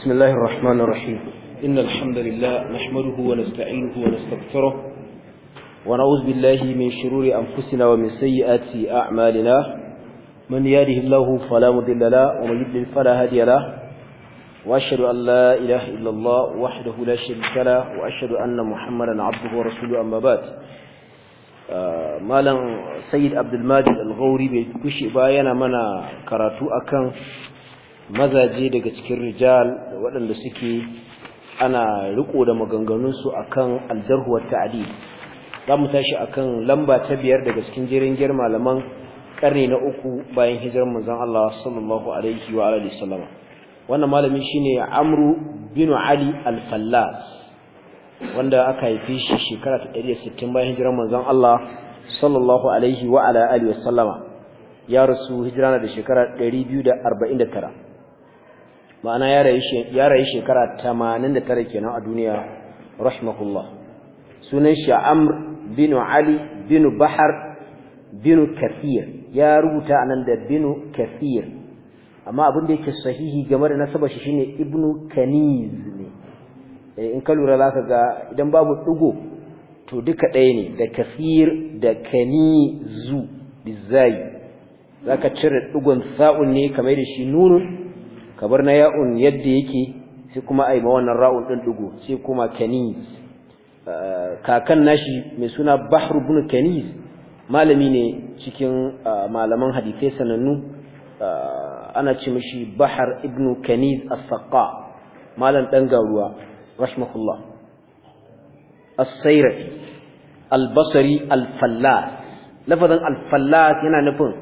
بسم الله الرحمن الرحيم إن الحمد لله نحمده ونستعينه ونستغفره ونعوذ بالله من شرور أنفسنا ومن سيئات أعمالنا من يهده الله فلا مضل له ومن يضلل فلا هادي له وأشهد أن لا إله إلا الله وحده لا شريك له وأشهد أن محمدا عبده ورسوله أما بعد malam sayyid abdulmajid alghauri bai kushi ba yana mana karatu akan mazaje daga cikin rijal waɗanda suke ana riko da maganganunsu akan kan aljarhuwar ta'adi za mu tashi akan lamba ta biyar daga cikin jerin girma malaman ƙarni na uku bayan hijirar manzan Allah sallallahu alaihi wa alaihi sallama wannan malami shine Amru bin Ali al-Fallas wanda aka haife shi shekara ta sittin, bayan hijirar manzan Allah sallallahu alaihi wa alaihi alihi sallama ya rasu hijirana da shekara tara. ma'ana ya rayu shekara tare kenan a duniya rahimahullah sunan shi Amr bin Ali bin Bahar binu kafir ya rubuta anan da bin kafir amma abin da yake sahihi game da nasaba shi shine ibnu Kaniz ne eh, in ka lura zaka ga idan babu ɗigo to duka ɗaya ne da kafir da Kanizu bizai zaka cire ɗigon sa'un ne kamar da shi nunun kabar na ya'un yadda yake sai kuma ai ma wannan ra'un din dugo sai kuma kaniz eh, kakan nashi mai suna Bahr ibn Kaniz malami ne cikin eh, malaman hadisai sanannu eh, ana ce mishi Bahr ibn Kaniz as saqa malam dan garuwa rahmatullah as-Sayri al-Basri al-Fallas lafazan al-Fallas yana nufin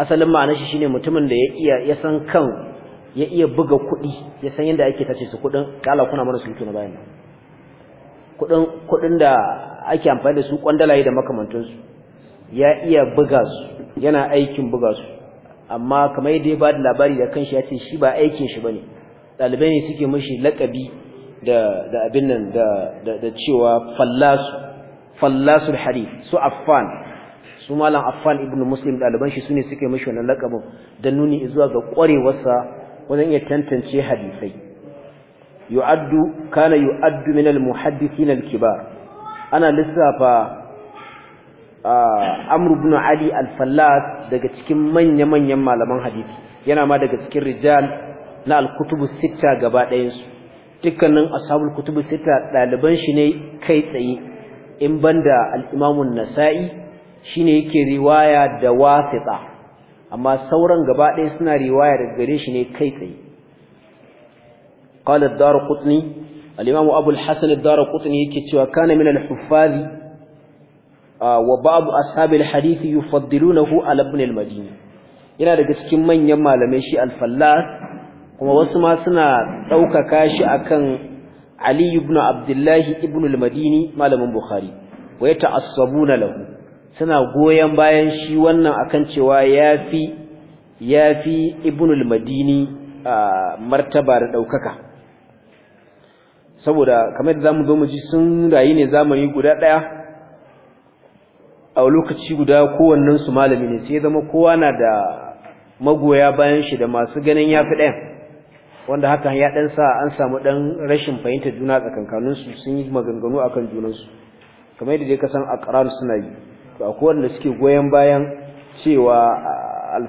asalin ma'anar shi shine mutumin da ya iya ya san kan ya iya buga kuɗi ya san yadda ake tace su kuɗin kala kuna mana sulki na bayan nan kuɗin da ake amfani da su kwandalaye da makamantansu ya iya buga su yana aikin buga su amma kamar yadda ya da labari da kan shi ya ce shi ba aikin shi bane ɗalibai ne suke mashi laƙabi da abin nan da cewa fallasu fallasul hadith su affan su malam affan ibn muslim ɗaliban shi ne suke mashi wannan lakabin da nuni zuwa ga ƙwarewarsa wajen iya tantance hadisai yu'addu kana yu'addu min al-muhaddithin al-kibar ana lissafa Amr ibn Ali al-Fallas daga cikin manya-manyan malaman hadisi yana ma daga cikin rijal na al-kutubu sitta gaba ɗayan su dukkanin ashabul kutubu sitta ɗaliban shi ne kai tsaye in banda al-Imam an-Nasa'i shine yake riwaya da wasita amma sauran gaba ɗaya suna riwaya daga gare shi ne kai tsaye qala ad-darqutni al-imam abu al-hasan ad-darqutni yake cewa kana min al-huffazi wa ba'd ashab al-hadith yufaddilunahu ala ibn al-madini yana daga cikin manyan malamai shi al-fallas kuma wasu ma suna ɗaukaka shi akan ali ibn abdullahi ibn al-madini malamin bukhari wa yata'assabuna lahu suna goyon bayan shi wannan akan cewa yafi yafi ibnul madini a martaba da daukaka saboda kamar da zamu zo mu ji sun rayu ne zamani guda daya a lokaci guda kowannen su malami ne sai zama kowa na da magoya bayan shi da masu ganin yafi ɗayan wanda haka ya ɗan sa an samu ɗan rashin fahimtar juna tsakankaninsu sun yi maganganu akan junansu kamar yadda dai ka san ƙaran suna yi to akwai suke goyon bayan cewa al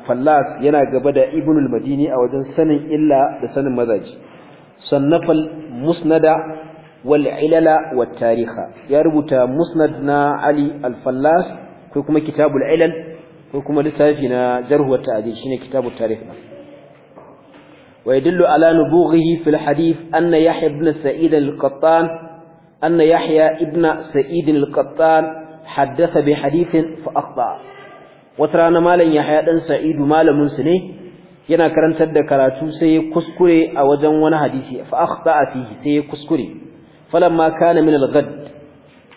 yana gaba da ibnul madini a wajen sanin illa da sanin mazaji sannafal musnada wal ilala wat tariha ya rubuta musnad na ali Alfallas, fallas ko kuma kitabul ilal ko kuma littafi na jarh wa ta'dil shine kitabut tarikh ويدل على نبوغه في الحديث أن يحيى بن سعيد القطان أن يحيى ابن سعيد haddasa bi hadithin fa akhta wata rana malam Yahya dan Sa'idu malamin su ne yana karantar da karatu sai ya kuskure a wajen wani hadisi fa akhta fihi sai ya kuskure falamma kana min al-ghad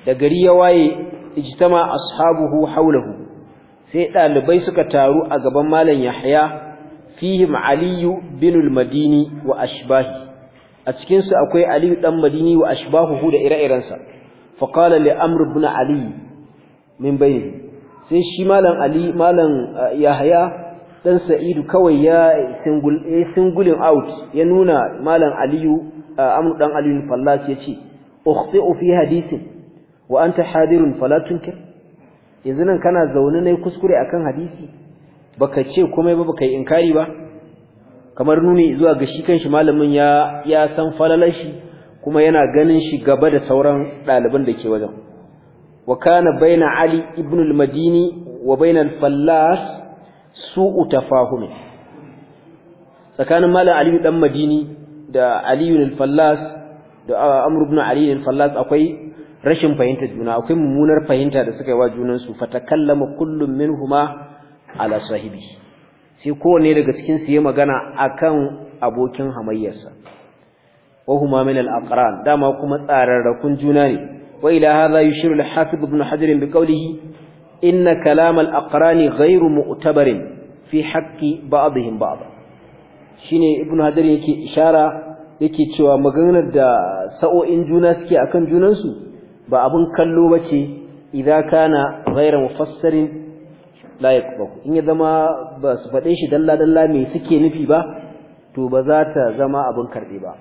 da gari ya waye ijtama ashabuhu haulahu, sai dalibai suka taru a gaban malam Yahya. fihim Ali bin al-Madini wa ashbahi a cikin su akwai Ali dan Madini wa ashbahu da ire-irensa fa qala li Amr min bayin sai shi malam ali malam uh, yahya dan sa'idu kawai ya singul singulin out ya nuna malam aliyu uh, amru dan aliyu fallas yace ukhti'u fi hadithin wa anta hadirun fala tunkir yanzu nan kana zaune ne kuskure akan hadisi baka ce komai ba baka yi inkari ba kamar nuni zuwa ga shi kanshi malamin ya ya san falalar shi kuma yana ganin shi gaba da sauran ɗaliban da ke wajen وكان بين علي ابن المديني وبين الفلاس سوء تفاهم فكان مال علي بن مديني دا علي الفلاس دا أمر بن علي الفلاس أقوي rashin fahimtar juna akwai mummunar fahimta da suka yi wa junansu kallama kullum minhuma ala sahibi sai kowanne daga cikin su yi magana akan abokin hamayyarsa wa huma min dama kuma tsararrakun juna ne وإلى هذا يشير الحافظ ابن حجر بقوله إن كلام الأقران غير مؤتبر في حق بعضهم بعضا shine ibnu hajar yake ishara yake cewa maganar da sa'o'in juna suke akan junansu ba abun kallo bace idza kana ghayra mufassarin la yaqbahu in ya zama ba su fade shi dalla dalla mai suke nufi ba to ba za ta zama abin karbe ba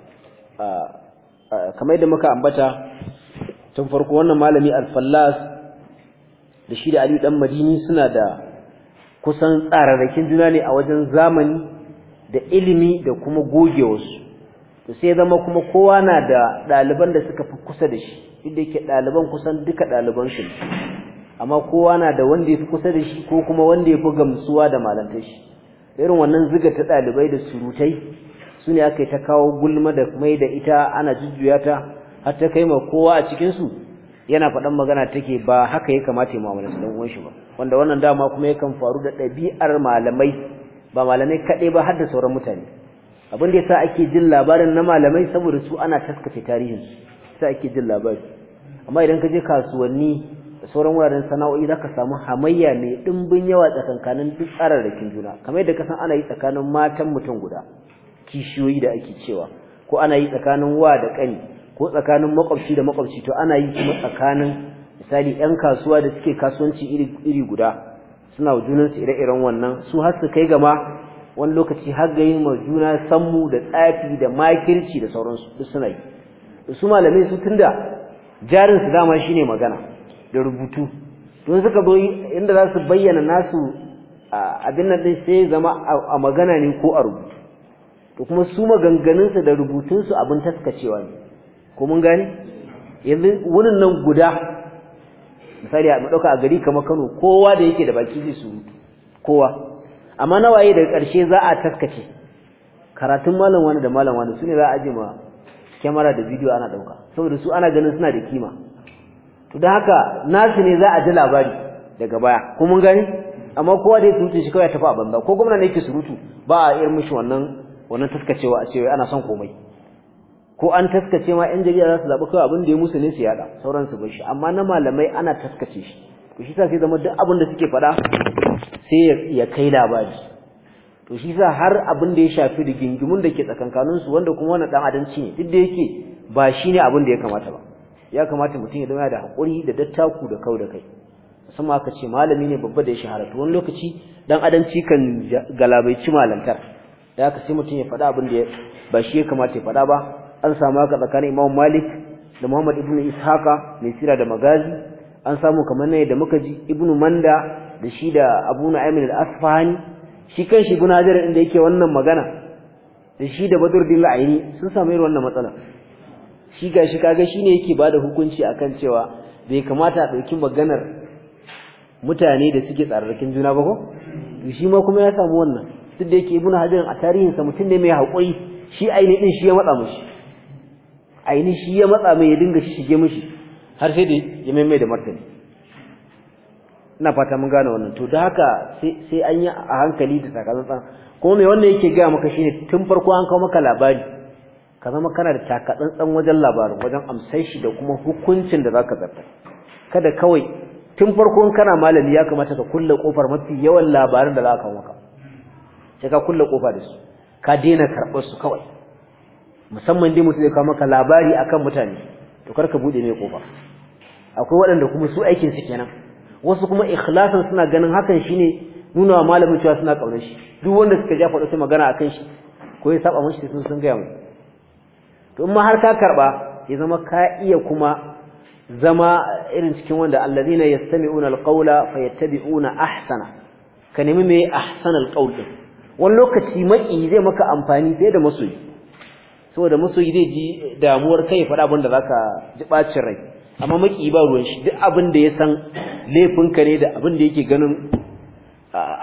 kamar yadda muka ambata tun farko wannan malami al-fallas da shi da aliyu dan Madini suna da kusan tsararrakin juna ne a wajen zamani da ilimi da kuma gogewarsu to sai zama kuma kowa na da ɗaliban da suka fi kusa da shi inda yake ɗaliban kusan duka ɗaliban su amma kowa na da wanda ya fi kusa da shi ko kuma wanda ya fi gamsuwa da malantar shi irin wannan ziga ta ɗalibai da surutai su ne aka ta kawo gulma da mai da ita ana jujjuya har ta kai ma kowa a cikin su yana faɗan magana take ba haka ya kamata ya mu'amala su dan uwan shi ba wanda wannan dama kuma yakan faru da ɗabi'ar malamai ba malamai kaɗai ba har da sauran mutane abin da yasa ake jin labarin na malamai saboda su ana taskace tarihin su sa ake jin labari amma idan ka je kasuwanni da sauran wuraren sana'o'i za ka samu hamayya mai ɗimbin yawa tsakankanin duk tsararrakin juna kamar yadda ka san ana yi tsakanin matan mutum guda kishiyoyi da ake cewa ko ana yi tsakanin wa da ƙani ko tsakanin makwabci da makwabci to ana yi kuma tsakanin misali ƴan kasuwa da suke kasuwanci iri iri guda suna wa su ire-iren wannan su har su kai gama wani lokaci har ga yin juna sammu da tsafi da makirci da sauransu duk suna yi su malamai su tunda jarin su dama shine magana da rubutu don suka zo inda za su bayyana nasu abin nan sai zama a magana ne ko a rubutu to kuma su maganganunsa da rubutunsu abin taskacewa ne ko mun gane yanzu wurin nan guda misali a ɗauka a gari kamar Kano kowa da yake da baki zai surutu kowa amma nawaye daga ƙarshe za a taskace karatun malam wani da malam wani sune za a aje ma kyamara da bidiyo ana ɗauka saboda su ana ganin suna da kima to da haka nasu ne za a ji labari daga baya ko mun gani amma kowa da ya surutu shi kawai ya tafi a banza ko gwamna ne yake surutu ba a irin mishi wannan wannan taskacewa a ce ana son komai ko an taskace ma yan jarida za su zaɓi kawai abin da ya musu ne su yada sauran su shi amma na malamai ana taskace shi to shi sa sai zama duk abin da suke faɗa sai ya kai labari to shi sa har abin da ya shafi rigingimun da ke tsakankanin su wanda kuma wani dan adalci ne duk da yake ba shi ne abin da ya kamata ba ya kamata mutum ya zama da haƙuri da dattaku da kau da kai musamman aka ce malami ne babba da ya shahara to wani lokaci dan adalci kan galabaici malantar da aka sai mutum ya faɗa abin da ba shi ya kamata ya faɗa ba an samu haka tsakanin Imam Malik da Muhammad ibn Ishaqa mai sira da Magazi an samu kamar nan da muka ji Ibn Manda da shi da Abu Nu'aym al-Asfahani shi kan shi Ibn Hajar inda yake wannan magana da shi da Badruddin al ayni sun samu irin wannan matsala shi gashi kaga shine yake bada hukunci akan cewa bai kamata a dauki maganar mutane da suke tsararrakin juna ba ko shi ma kuma ya samu wannan duk da yake Ibn Hajar a tarihinsa mutum ne mai haƙuri shi ainihin shi ya matsa mushi aini shi ya matsa mai ya dinga shi shige mishi har sai da ya maimai da martani ina fata mun gane wannan to da haka sai an yi a hankali da sakatsantsan kuma mai wannan yake gaya maka shine tun farko an kawo maka labari ka zama kana da takatsantsan wajen labarin wajen amsar shi da kuma hukuncin da zaka zarta kada kawai tun farko kana malami ya kamata ka kulle kofar mafi yawan labarin da za ka kawo maka sai ka kulle kofa da su ka daina karɓar su kawai musamman dai mutum zai kawo maka labari akan mutane to kar ka bude mai kofa akwai waɗanda kuma su aikin su kenan wasu kuma ikhlasan suna ganin hakan shine nuna wa malamin cewa suna kaunar shi duk wanda suka ja faɗo sai magana akan shi ko ya saba mushi sun sun ga mu to in ma har ka karba ya zama ka iya kuma zama irin cikin wanda alladhina yastami'una alqawla fayattabi'una ahsana ka nemi mai ahsanal qawl wani lokaci maki zai maka amfani fiye da masoyi saboda masoyi zai ji damuwar kai faɗa abin da zaka ji bacin rai amma maki ba ruwan shi duk abin da ya san laifinka ne da abin da yake ganin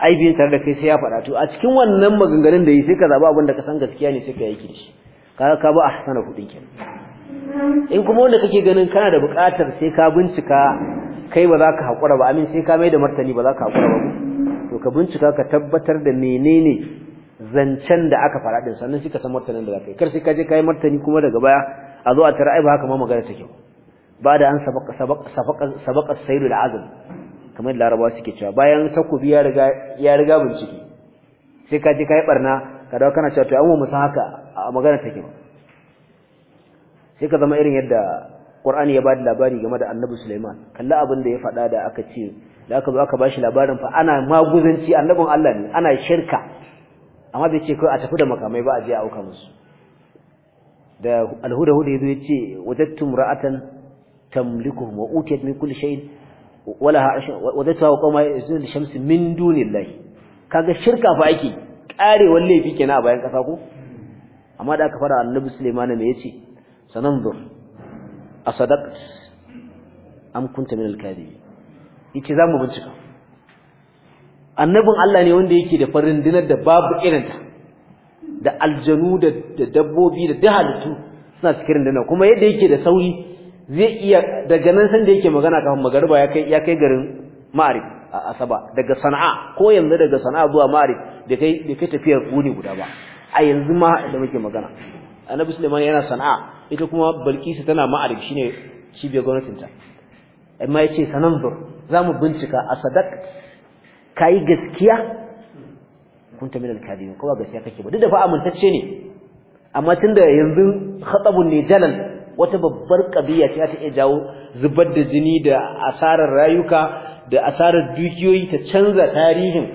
aibin tare da kai sai ya faɗa to a cikin wannan maganganun da yi sai ka zaba abin da ka san gaskiya ne sai ka yi kirshi kaga ka ba ahsana kudin kenan in kuma wanda kake ganin kana da buƙatar sai ka bincika kai ba za ka haƙura ba amin sai ka mai da martani ba za ka haƙura ba to ka bincika ka tabbatar da menene zancen da aka fara din sannan suka san martanin da za ka yi kar sai ka je ka yi martani kuma daga baya a zo a tara ai ba haka ma magana take ba da an sabaka sabaka sabaka sayyidul azam kamar larabawa suke cewa bayan takubi ya riga ya riga bincike sai ka je ka yi barna ka dawo kana cewa to an mu san haka a magana take ba sai ka zama irin yadda Qur'ani ya bada labari game da Annabi Sulaiman kalla abin da ya fada da aka ce da aka zo aka bashi labarin fa ana maguzanci annabin Allah ne ana shirka amma bai ce ko a tafi da makamai ba a je a auka musu da alhuda huda yazo yace wajadtum ra'atan tamlikuhum wa utiyat min kulli shay'in walaha wajadtuha wa qawma yuzil shams min dunillahi kaga shirka fa ake karewar laifi kenan a bayan kasa ko amma da aka fara annabi Sulaiman me yace sananzur asadaqt am kunta min al yace zamu bincika annabin Allah ne wanda yake da farin dinar da babu irinta da aljanu da dabbobi da dahalitu suna cikin dinar. kuma yadda yake da sauri zai iya daga nan san da yake magana kafin magariba ya kai ya kai garin ma'arif a asaba daga sana'a ko yanzu daga sana'a zuwa ma'arif da kai da kai tafiyar guni guda ba a yanzu ma da muke magana annabi Sulaiman yana sana'a ita kuma Bilkisu tana ma'arif shine cibiyar gwamnatin ta amma yace sananzur zamu bincika a Sadak. kai gaskiya kunta minal kadibin kowa gaskiya kake ba duk da fa amintacce ne amma tunda yanzu khatabun ne jalal wata babbar kabiya ce ta iya jawo zubar da jini da asarar rayuka da asarar dukiyoyi ta canza tarihin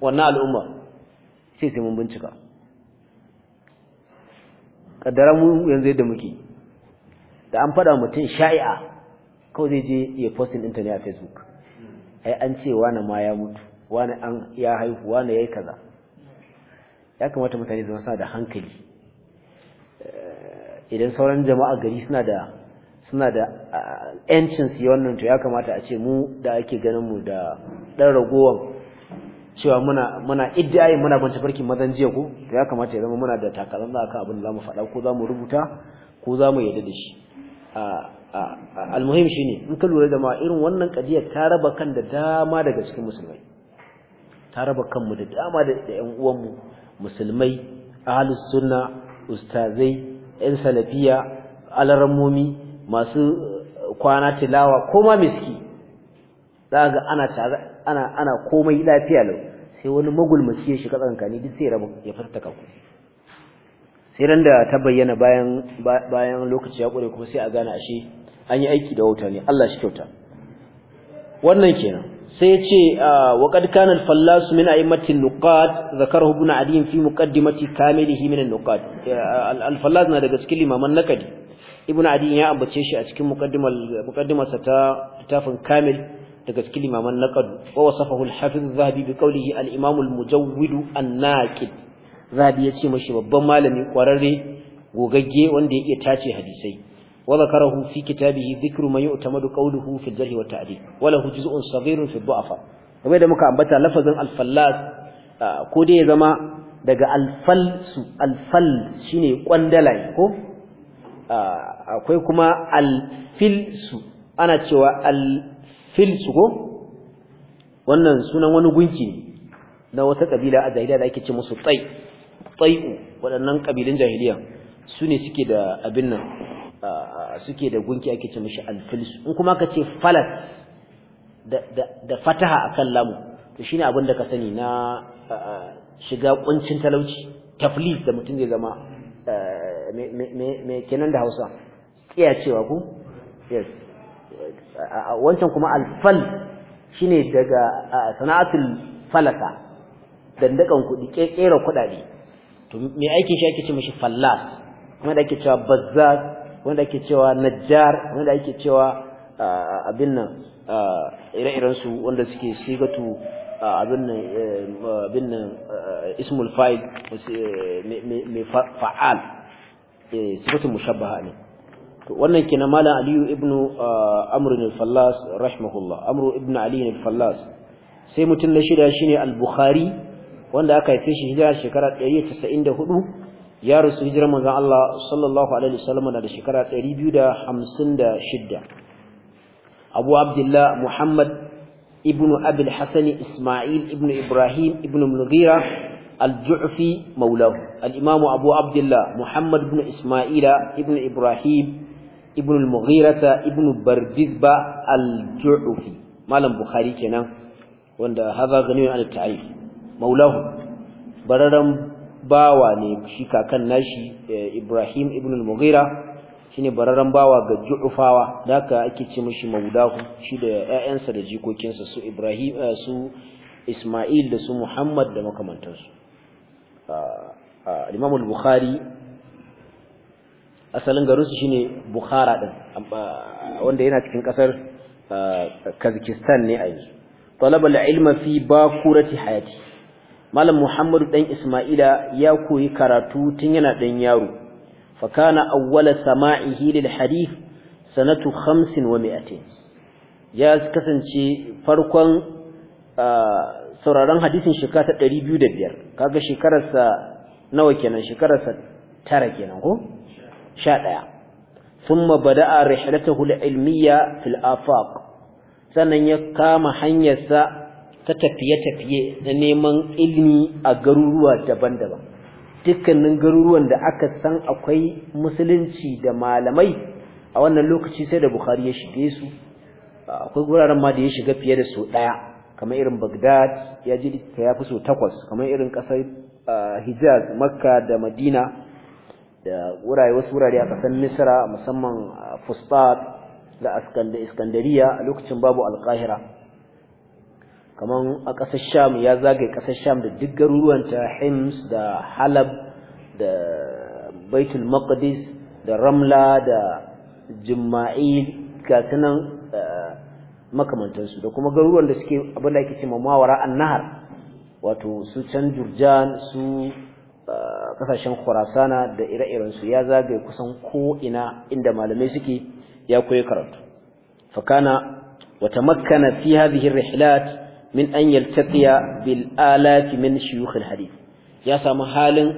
wannan al'umma sai sai mun bincika kaddara mu yanzu yadda muke da an fada mutum sha'i'a kawai zai je ya posting ɗinta ne a facebook ai an ce wani ma ya mutu wani an ya haihu wani ya yi kaza ya kamata mutane zama suna da hankali eh, idan sauran jama'a gari suna da suna da ah, yancin su wannan to ya kamata a ce mu da ake ganin mu da dan ragowan cewa muna muna iddiyayi muna bance farkin mazan jiya ko to ya kamata ya zama muna da takalan akan abin da zamu faɗa ko zamu rubuta ko zamu yadda da shi ah, ah, almuhim shine in ka lura da ma irin wannan kadiyar ta raba kan da dama daga cikin musulmai ta raba kanmu da dama da yan uwanmu musulmai ahalus suna, ustazai 'yan salafiya alarammomi masu eh, kwana tilawa koma miski za ga ana tare ana ana komai lafiya lau sai wani magulmaci ya shiga tsakankani duk sai raba ya fartaka kaku sai ran da ta bayyana bayan lokaci ya kure kuma sai a gane ashe an yi aiki da wuta ne Allah shi kyauta wannan kenan sai ce ah, wa qad kana al-fallas min a'immati an-nuqat zakarahu ibn adi fi muqaddimati kamilihi min an-nuqat al-fallas na daga cikin limaman nakadi ibn adi ya ambace shi a cikin muqaddimal ta tafin kamil daga cikin limaman nakad wa wasafahu al-hafiz zahabi bi qawlihi al-imam al-mujawwid an-naqid zahabi mashi babban malami kwararre gogagge wanda yake tace hadisai وذكره في كتابه ذكر ما يعتمد قوله في الجرح والتعديل وله جزء صغير في الضعفاء kamar da muka ambata lafazin alfallas ko dai ya zama daga alfalsu alfal shine kwandalai ko akwai kuma alfilsu ana cewa alfilsu ko wannan sunan wani gunki ne na wata kabila a jahiliya da ake ce musu tsai tsai'u waɗannan kabilun jahiliya su ne suke da abin nan suke da gunki ake ce mishi alfilis in kuma ka ce falas da fataha a kan lamu to shine abin da ka sani na shiga kuncin talauci taflis da mutum zai zama mai kenan da Hausa iya cewa ku yes wancan kuma alfal shine daga sana'atul falasa dandakan kuɗi ƙera kuɗaɗe to me aikin shi ake ce mishi fallas kuma da ake cewa bazzas wanda ake cewa najjar wanda ake cewa abin nan ire-iren su wanda suke sigatu abin nan eh, abin nan ismul fa'il eh, mai fa'al eh, sifatu mushabbaha ne to wannan kenan malam aliyu ibnu amr ibn fallas rahimahullah amr ibn ali ibn fallas sai mutum na shida shine al-bukhari wanda aka haife shi hijira shekara 194 ya rusu hijirar manzon Allah sallallahu alaihi wasallam da shekara 256 Abu Abdullah Muhammad ibn Abi al-Hasan Isma'il ibn Ibrahim ibn Mughira al-Ju'fi maulahu al-Imam Abu Abdullah Muhammad ibn Isma'ila ibn Ibrahim ibn al-Mughira ibn Bardizba al-Ju'fi malam Bukhari kenan wanda haza gani an ta'rif maulahu bararan bawa ne shi kakan nashi eh, Ibrahim ibn al-Mughira shine bararren bawa ga Ju'fawa da haka ake ce mishi mawdahu shi da ƴaƴansa da jikokinsa su Ibrahim eh, su Isma'il da su Muhammad da makamantansu ah, ah, Imam al-Bukhari asalin garin su shine Bukhara din ah, wanda yana cikin kasar Kazakhstan ne a yanzu talaba al-ilma fi bakurati hayati malam muhammadu dan isma'ila ya koyi karatu tun yana dan yaro fa kana awwala sama'ihi lil hadith sanatu 50 wa 200 ya kasance farkon sauraron hadisin shekara ta 205 kaga shekararsa nawa kenan shekararsa tara kenan ko 11 ثم بدأ رحلته العلمية في afaq sannan ya kama hanyarsa ta tafiye-tafiye na neman ilimi a garuruwa daban-daban dukkanin garuruwan da aka san akwai musulunci da malamai a wannan lokaci sai da Bukhari ya shige su akwai guraren ma da ya shiga fiye da su ɗaya kamar irin bagdad ya ji ya fi so takwas kamar irin kasar Hijaz Makka da Madina da wurare wasu wurare a kasar Misra musamman Fustat da Iskandariya a lokacin babu Alkahira kamar a ƙasar Sham ya zagaye ƙasar Sham da duk garuruwan ta Hims da Halab da Baitul Maqdis da Ramla da jima'i ga sunan eh, makamantansu da kuma garuruwan da suke abin da ake cewa mawara annahar wato su can Jurjan su eh, ƙasashen Khurasana da ire-iren su ya zagaye kusan ko ina inda malamai suke ya koyi karatu fakana wa tamakkana fi hadhihi rihlat min an yaltaqiya bil alaf min shuyukh al hadith ya samu halin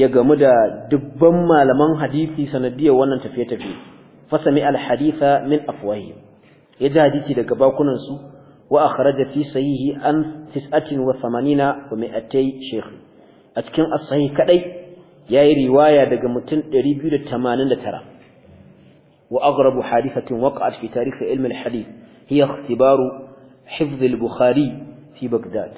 ya gamu da dubban malaman hadisi sanadiyar wannan tafiye tafiye fasami al haditha min afwahi ya ji hadisi daga bakunan su wa akhraja fi sahihi an 89 wa mi'atay shaykh a cikin as-sahih kadai yayi riwaya daga mutum 289 wa aghrabu hadithatin waqa'at fi tarikh ilm al hadith hiya ikhtibaru حفظ البخاري في بغداد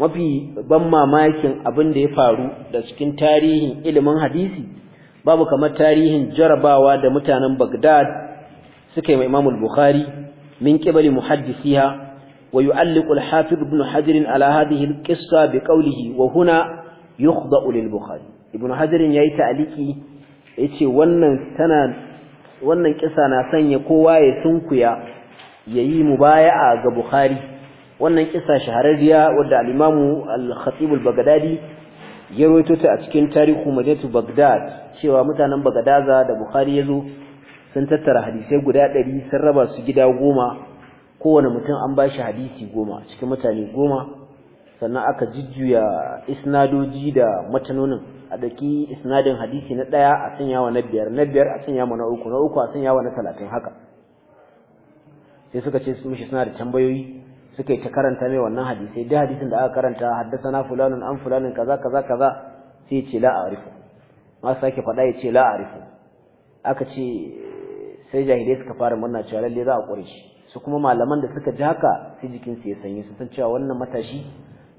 mafi ban mamakin abin da ya faru da cikin tarihin ilimin hadisi babu kamar tarihin jarabawa da mutanen bagdad suka yi ma Imam bukhari min qibali muhaddisiha wa yu'alliqu al-Hafiz Ibn Hajar ala hadhihi al-qissa bi qawlihi wa huna yukhda'u lil-Bukhari Ibn Hajar yayi taliki yace wannan tana wannan kisa na sanya kowa ya sunkuya yayi mubaya'a ga Bukhari wannan kisa shahararriya wadda al-Imam al-Khatib al-Baghdadi ya rawaito ta a cikin tarihu madinatu Baghdad cewa mutanen Baghdadza da Bukhari yazo sun tattara hadisai guda 100 sun raba su gida goma kowane mutum an ba shi hadisi goma cikin mutane goma sannan aka jijjuya isnadoji da matanonin a daki isnadin hadisi na daya a sanya wa na biyar na biyar a sanya wa na uku na uku a sanya wa na talatin haka sai suka ce su mishi suna da tambayoyi suka yi ta karanta mai wannan hadisai da hadisin da aka karanta na fulanun an fulanin kaza kaza kaza sai ya ce la a'rifu ma sake faɗa ya ce la a'rifu aka ce sai jahilai suka fara murna cewa lalle za a ƙure shi su kuma malaman da suka ji haka sai jikinsu ya sanyi su san cewa wannan matashi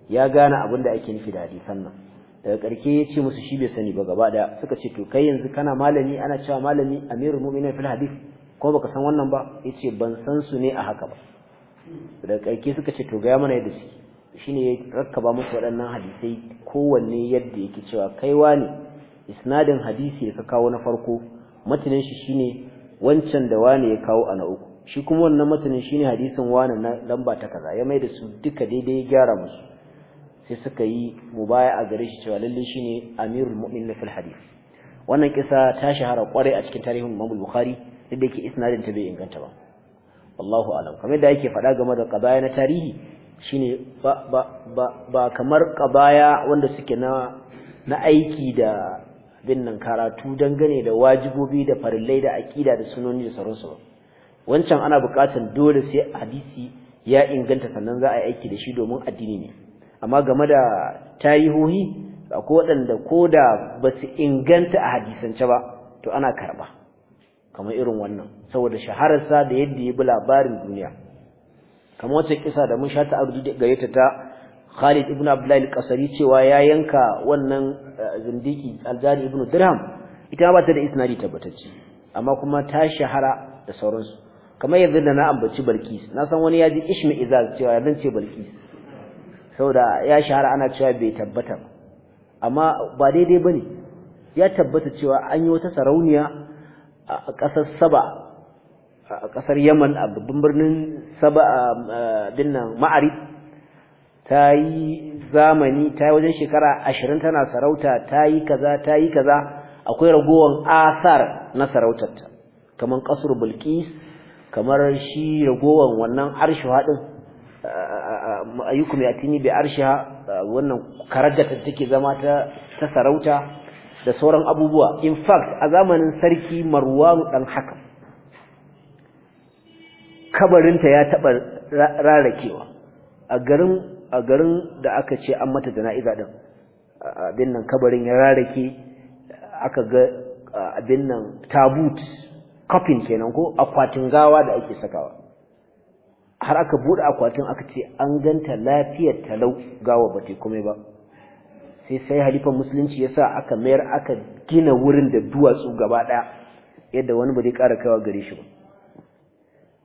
ya gane abin da ake nufi da hadisan nan daga ƙarke ya ce musu shi bai sani ba gaba ɗaya suka ce to kai yanzu kana malami ana cewa malami amirul mu'minin fil hadith ko baka san wannan ba yace ban san su ne a haka ba da karke suka ce to gaya mana yadda shi shine ya rakkaba musu waɗannan hadisai kowanne yadda yake cewa kai wani isnadin hadisi da ka kawo na farko matanin shi shine wancan da wani ya kawo a na uku shi kuma wannan matanin shine hadisin wani na lamba ta kaza ya mai da su duka daidai ya gyara musu sai suka yi mubaya a gare shi cewa lalle shine amirul mu'minin fil hadisi wannan kisa ta shahara kwarai a cikin tarihin Imam Bukhari duk da yake isnadin ta bai inganta ba wallahu alam kamar da yake faɗa game da qabaya na tarihi shine ba ba ba, ba kamar kabaya wanda suke na na aiki da bin nan karatu dangane da wajibobi da farillai da aqida da sunoni da sauransu ba wancan ana buƙatar dole sai hadisi ya inganta sannan za a yi aiki da shi domin addini ne amma game da tarihohi akwai waɗanda ko da ba su inganta a hadisance ba to ana karɓa kamar irin wannan saboda shahararsa da yadda ya bi labarin duniya kamar wata kisa da mun sha ta arzu gare ta Khalid ibn Abdullah al-Qasari cewa ya yanka wannan eh, zindiki Al-Jari ibn Dirham ita ba ta da isnadi tabbatacce amma kuma ta shahara da sauransu kamar yanzu da na ambaci Balkis na san wani ya ji Ishmi Izaz cewa ya ce Balkis saboda ya shahara ana cewa bai tabbata amma ba daidai bane ya tabbata cewa an yi wata sarauniya a ƙasar saba a ƙasar yaman a babban birnin saba a dinnan ma'ari ta yi zamani ta yi wajen shekara ashirin tana sarauta ta yi kaza ta yi kaza akwai ragowar asar na sarautarta kamar ƙasar bulkis kamar shi ragowar wannan arshi haɗin ya yatini bi arshiha wannan karar da take zama ta sarauta da sauran abubuwa in fact a zamanin sarki marwan dan haka kabarinta ya taba rarakewa a garin a garin da aka ce an mata jana'iza din abin nan kabarin ya rarake aka ga abin nan tabut kafin kenan ko akwatin gawa da ake sakawa har aka bude akwatin aka ce an ganta lafiyar talau gawa ba ta komai ba sai sai halifan musulunci ya sa aka mayar aka gina wurin da duwatsu gaba ɗaya yadda wani ba zai ƙara kaiwa gare shi ba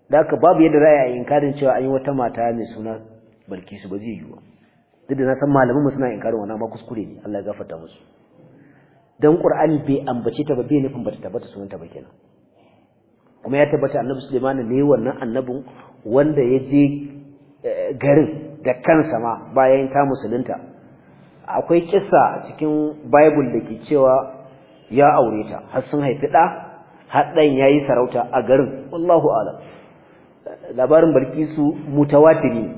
da haka babu yadda za a yi inkarin cewa an yi wata mata mai suna barkisu ba zai yiwu duk da na san malaman suna inkarin wannan ma kuskure ne Allah ya gafarta musu dan Qur'ani bai ambace ta ba bai nufin ba ta tabbata sunanta ba kenan kuma ya tabbata Annabi Sulaiman ne wannan annabin wanda ya je eh, garin da kansa ma bayan ta musulunta akwai kisa cikin bible da ke cewa ya aure ta har sun haifi ɗa ɗan ya yi sarauta a garin wallahu alam labarin su mutawatiri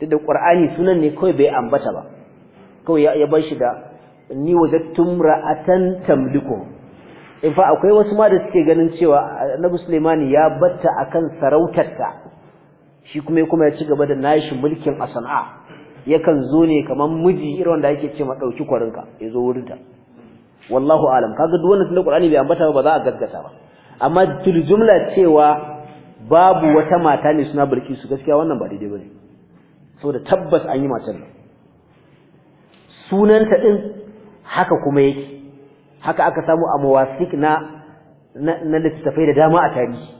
duk da ƙwar'ani sunan ne kawai bai ambata ba kawai ya bar shi da ni wajattun ra'atan tamliku in fa akwai wasu ma da suke ganin cewa annabi Sulaimani ya batta akan sarautarta shi kuma ya kuma ya ci gaba da nashi mulkin a sana'a yakan zo ne kamar miji irin wanda yake ce ma dauki kwarinka ya zo wurinta wallahu alam kaga duk wannan tunda Qur'ani bai ambata ba za a gaggata ba amma tul jumla cewa babu wata mata ne suna Bilkisu gaskiya wannan ba daidai bane da tabbas an yi matan nan sunanta din haka kuma yake haka aka samu a mawasik na na littattafai da dama a tarihi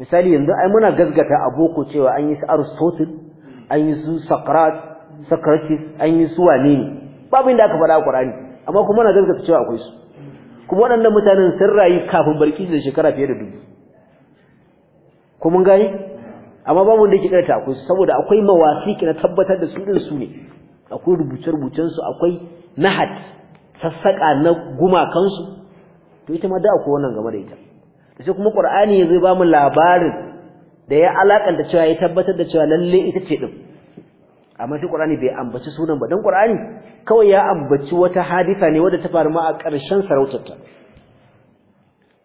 misali yanzu ai muna gaggata a boko cewa an yi su Aristotle an yi su sakrat. sakarci an yi suwa ne babu inda aka fada a Qur'ani amma kuma na gaskata cewa akwai su kuma waɗannan mutanen sun rayu kafin barki da shekara fiye da dubu ko mun gani amma babu wanda yake karanta akwai su saboda akwai mawasiki na tabbatar da su din su ne akwai rubuce rubucen su akwai nahat sassaƙa na gumakan su to ita ma da akwai wannan game da ita sai kuma Qur'ani zai ba mu labarin da ya alakanta cewa ya tabbatar da cewa lalle ita ce din amma shi Qur'ani bai ambaci sunan ba dan Qur'ani kawai ya ambaci wata hadisa ne wadda ta faru ma a ƙarshen sarautarta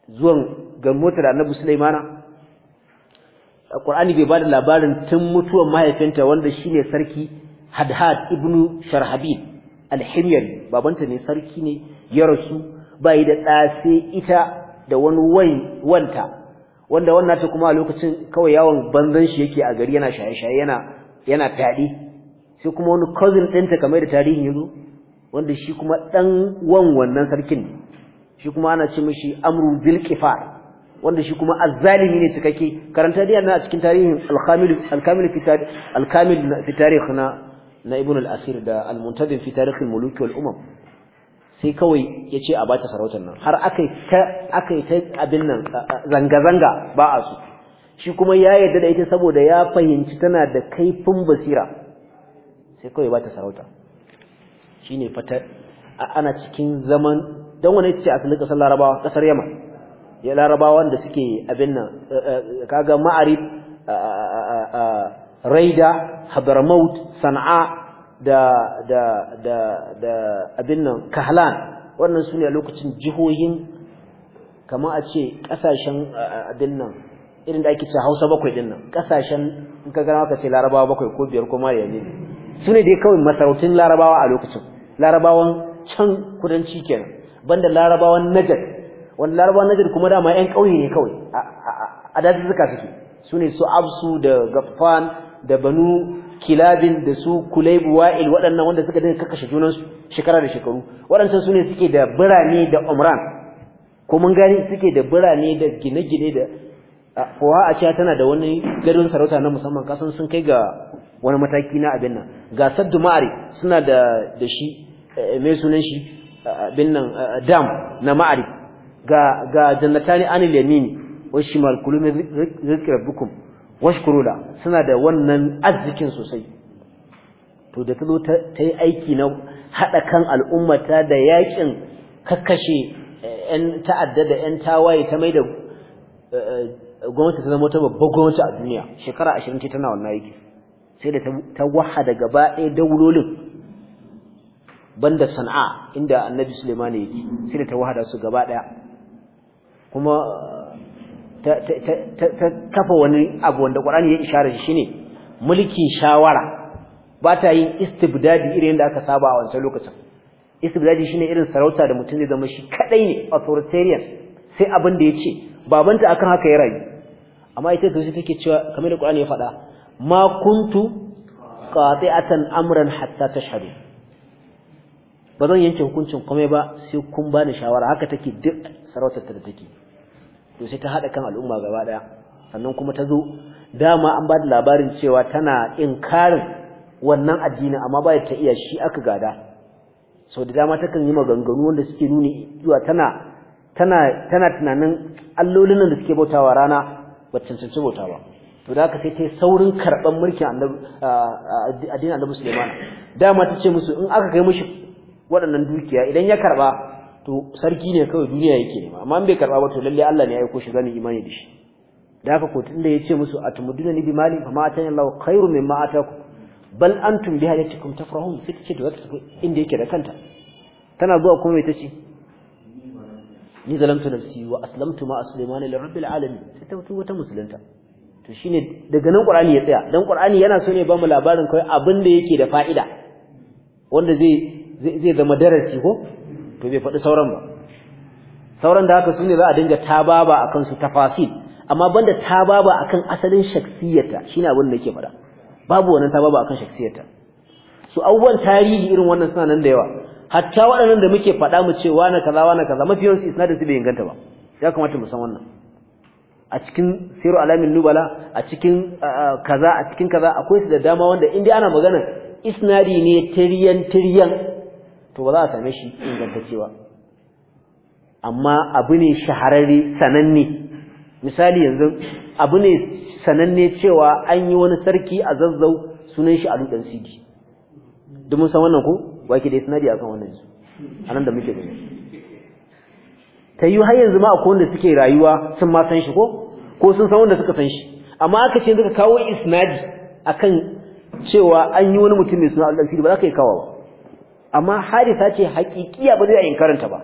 zuwan ga motar Annabi Sulaimana Qur'ani bai bada labarin tun mutuwar mahaifinta wanda shine sarki Hadhad ibnu Sharhabil al-Himyari babanta ne sarki ne ya rasu bai da tsase ita da wani wanta wanda wannan ta kuma a lokacin kawai yawon banzan shi yake a gari yana shaye-shaye yana yana fadi sai kuma wani cousin ɗinta kamar da tarihin yazo wanda shi kuma ɗan wan wannan sarkin ne shi kuma ana ce amru bil qifar wanda shi kuma azzalimi ne cikakke karanta dai a cikin tarihin al-kamil al-kamil al-kamil fi tarikh na na ibn al-asir da al-muntazim fi tarikh al-muluk wal umam sai kawai yace a bata sarautar nan har akai ta akai ta abin nan zanga zanga ba a su shi kuma ya yarda da ita saboda ya fahimci tana da kaifin basira sai kawai ba ta sarauta shine fata ana cikin zaman don wani ce a asalin kasar Larabawa kasar yamma ya Larabawa wanda suke abin nan eh, eh, kaga ma'arib Raida Hadramaut Sana'a da da da abin nan Kahlan wannan su ne a lokacin jihohin kamar a ce kasashen abin nan irin da ake ce Hausa bakwai din nan kasashen in ka gana ka ce larabawa bakwai ko biyar ko mariya ne su ne dai kawai masarautun larabawa a lokacin larabawan can kudanci kenan banda larabawan najar wanda larabawan najar kuma dama yan ƙauye ne kawai a dazuzzuka suke su ne su absu da gafan da banu kilabin da su kulaibu wa'il waɗannan wanda suka dinga kakkashe junansu shekara da shekaru waɗancan su ne suke da birane da umran ko mun gani suke da birane da gine-gine da kowa a cewa tana da wani gadon sarauta na musamman kasan sun kai ga wani mataki na abin nan ga saddu ma'ari suna da shi eh, mai sunan shi abin nan eh, dam na ma'ari ga ga jannatani anil yamini wa shimal kulumi rizqi rabbukum washkuru la suna da wannan arzikin sosai to da ta zo ta yi aiki na haɗa kan al'ummata da yakin kakkashe 'yan eh, ta'adda da 'yan tawaye ta mai da gwamnati ta zama ta babbar gwamnati a duniya shekara 20 ce tana wannan aiki sai da ta da gaba ɗaya daulolin banda sana'a inda annabi Sulaiman yake sai da ta da su gaba ɗaya kuma ta kafa wani abu wanda Qur'ani ya isharar shi ne mulkin shawara ba ta yin istibdadi irin da aka saba a wancan lokacin istibdadi shine irin sarauta da mutum zai zama shi kadai ne authoritarian sai abin da ya ce babanta akan haka ya rayu amma ita to sai take cewa kamar da Qur'ani ya faɗa ma kuntu qati'atan amran hatta tashhadu ba zan yanke hukuncin komai ba sai kun bani shawara haka take duk sarautar ta da take to sai ta hada kan al'umma gaba daya sannan kuma ta zo dama an ba da labarin cewa tana inkarin wannan addini amma ba ta iya shi aka gada sau da dama takan yi maganganu wanda suke nuni zuwa tana tana tana tunanin allolin da suke bautawa rana ba cancanci bauta ba to da sai ta yi saurin karɓar mulkin addinin annabi Suleiman dama ta ce musu in aka kai mishi waɗannan dukiya idan ya karɓa to sarki ne kawai duniya yake nema amma in bai karɓa ba to lalle Allah ne ya aiko shi zamu imani da shi da haka ko tunda ya ce musu atmuduna ni bi mali fa ma atani Allah khairu mimma ataku bal antum bi tafrahun sai ta ce da wata inda yake da kanta tana zuwa kuma ta ce ni zalamtu nafsi wa aslamtu ma sulaiman li rabbil alamin sai ta mutu wata musulunta to shine daga nan qur'ani ya tsaya dan qur'ani yana so ne ba mu labarin kai abin da yake da fa'ida wanda zai zai zama darasi ko to bai faɗi sauran ba sauran da haka sune za a dinga tababa akan su tafasil amma banda tababa akan asalin shaksiyata shine abin da yake faɗa babu wannan tababa akan shaksiyata su abubuwan tarihi irin wannan suna nan da yawa hatta waɗannan da muke faɗa mu ce wani kaza wani kaza mafiyan su isnadin su bai inganta ba ya kamata mu san wannan a cikin siru alamin nubala a cikin kaza a cikin kaza akwai su da dama wanda in dai ana magana isnadi ne tiryan tiryan to ba za a same shi ingantacewa amma abu ne shahararre sananne misali yanzu abu ne sananne cewa an yi wani sarki a zazzau sunan shi a dutsen sidi domin san wannan ko wake da a akan wannan su anan da muke gani ta yi har yanzu ma akwai wanda suke rayuwa sun ma san shi ko ko sun san wanda suka san shi amma aka ce suka kawo isnadi akan cewa an yi wani mutum mai suna al ba za ka yi kawo ba amma harisa ce haƙiƙiya ba zai a karanta ba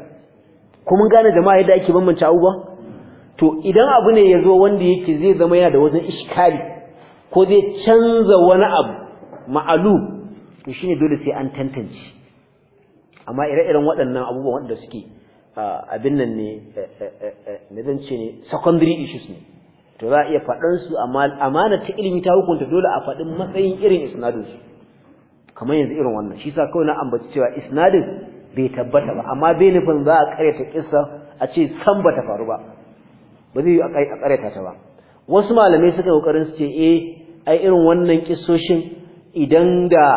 ko mun gane jama'a yadda ake bambance ba? to idan abu ne ya zo wanda yake zai zama yana da wajen iskali ko zai canza wani abu ma'alu to shine dole sai an tantance amma ire-iren waɗannan abubuwan wanda suke abin nan ne na eh, eh, eh, zan ce ne secondary issues ne to za a iya faɗan su amana ta ilimi ta hukunta dole a faɗin matsayin irin isnadin su kamar yanzu irin wannan shi sa kawai na ambaci cewa isnadin bai tabbata ba amma bai nufin za a karyata kissa a ce san ba ta faru ba ba zai yi a karyata ta ba wasu malamai suka kokarin su ce eh ai irin wannan kissoshin idan da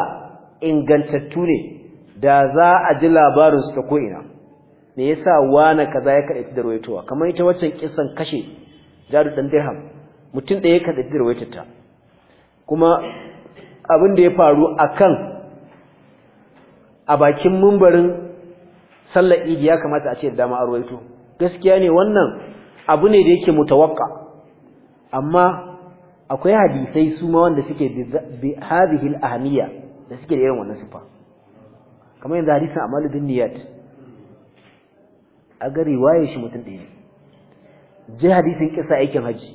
ingantattu ne da za a ji labarin su ta ko'ina me yasa wana kaza ya kaɗaita da ruwaitowa kamar ita waccan kisan kashe jaru ɗan dirham mutum ɗaya ya da ruwaitarta kuma abin da ya faru a kan a bakin mumbarin sallar idi ya kamata a ce da dama a ruwaito gaskiya ne wannan abu ne da yake mutawakka amma akwai hadisai su ma wanda suke bi hadhihi al da suke da irin wannan sifa kamar yanzu hadisin amalu bin niyat a gari waye shi mutum ɗaya je hadisin kisa aikin haji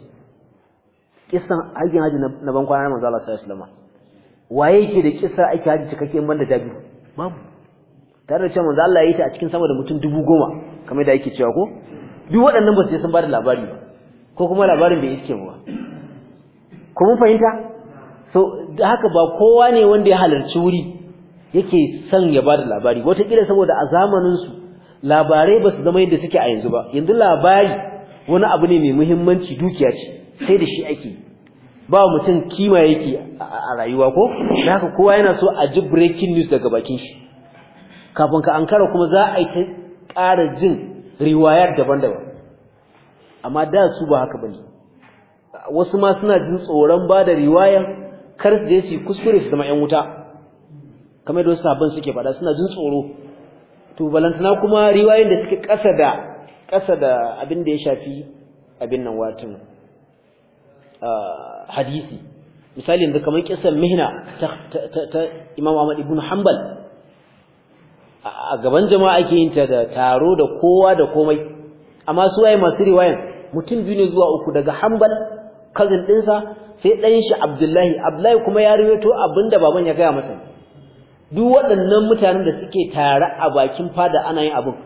kisan aikin haji na ban kwana manzo Allah sallallahu alaihi wasallam waye yake da kisa aikin haji cikakken banda jabi babu tare da cewa manzo Allah ya yi ta a cikin sama da mutum dubu goma kamar da yake cewa ko duk waɗannan ba su je sun ba da labari ba ko kuma labarin bai iske ba ko mun fahimta so haka ba kowa ne wanda ya halarci wuri yake son ya bada labari wata kira saboda a zamanin su labarai ba su zama yadda suke a yanzu ba yanzu labari wani abu ne mai muhimmanci dukiya ce sai da shi ake ba mutum kima yake a rayuwa ko da haka kowa yana so a ji breaking news daga bakin shi kafin ka ankara kuma za a yi ta ƙara jin riwayar daban-daban amma da su ba haka bane wasu ma suna jin tsoron ba da riwayar kar su je su kuskure su zama 'yan wuta kamar da wasu sabon suke faɗa suna jin tsoro to balantana kuma riwayoyin da suke ƙasa da ƙasa da abin da ya shafi abin nan watan ah, hadisi misali yanzu kamar kisan mihna ta Imam Ahmad ibn Hanbal a gaban jama'a ake yin ta da taro da kowa da komai amma su waye masu riwayan mutum biyu ne zuwa uku daga Hanbal kazin ɗinsa, sai ɗan shi Abdullahi Abdullahi kuma ya rawaito abinda baban ya gaya masa duk waɗannan mutanen da suke tare a bakin fada ana yin abin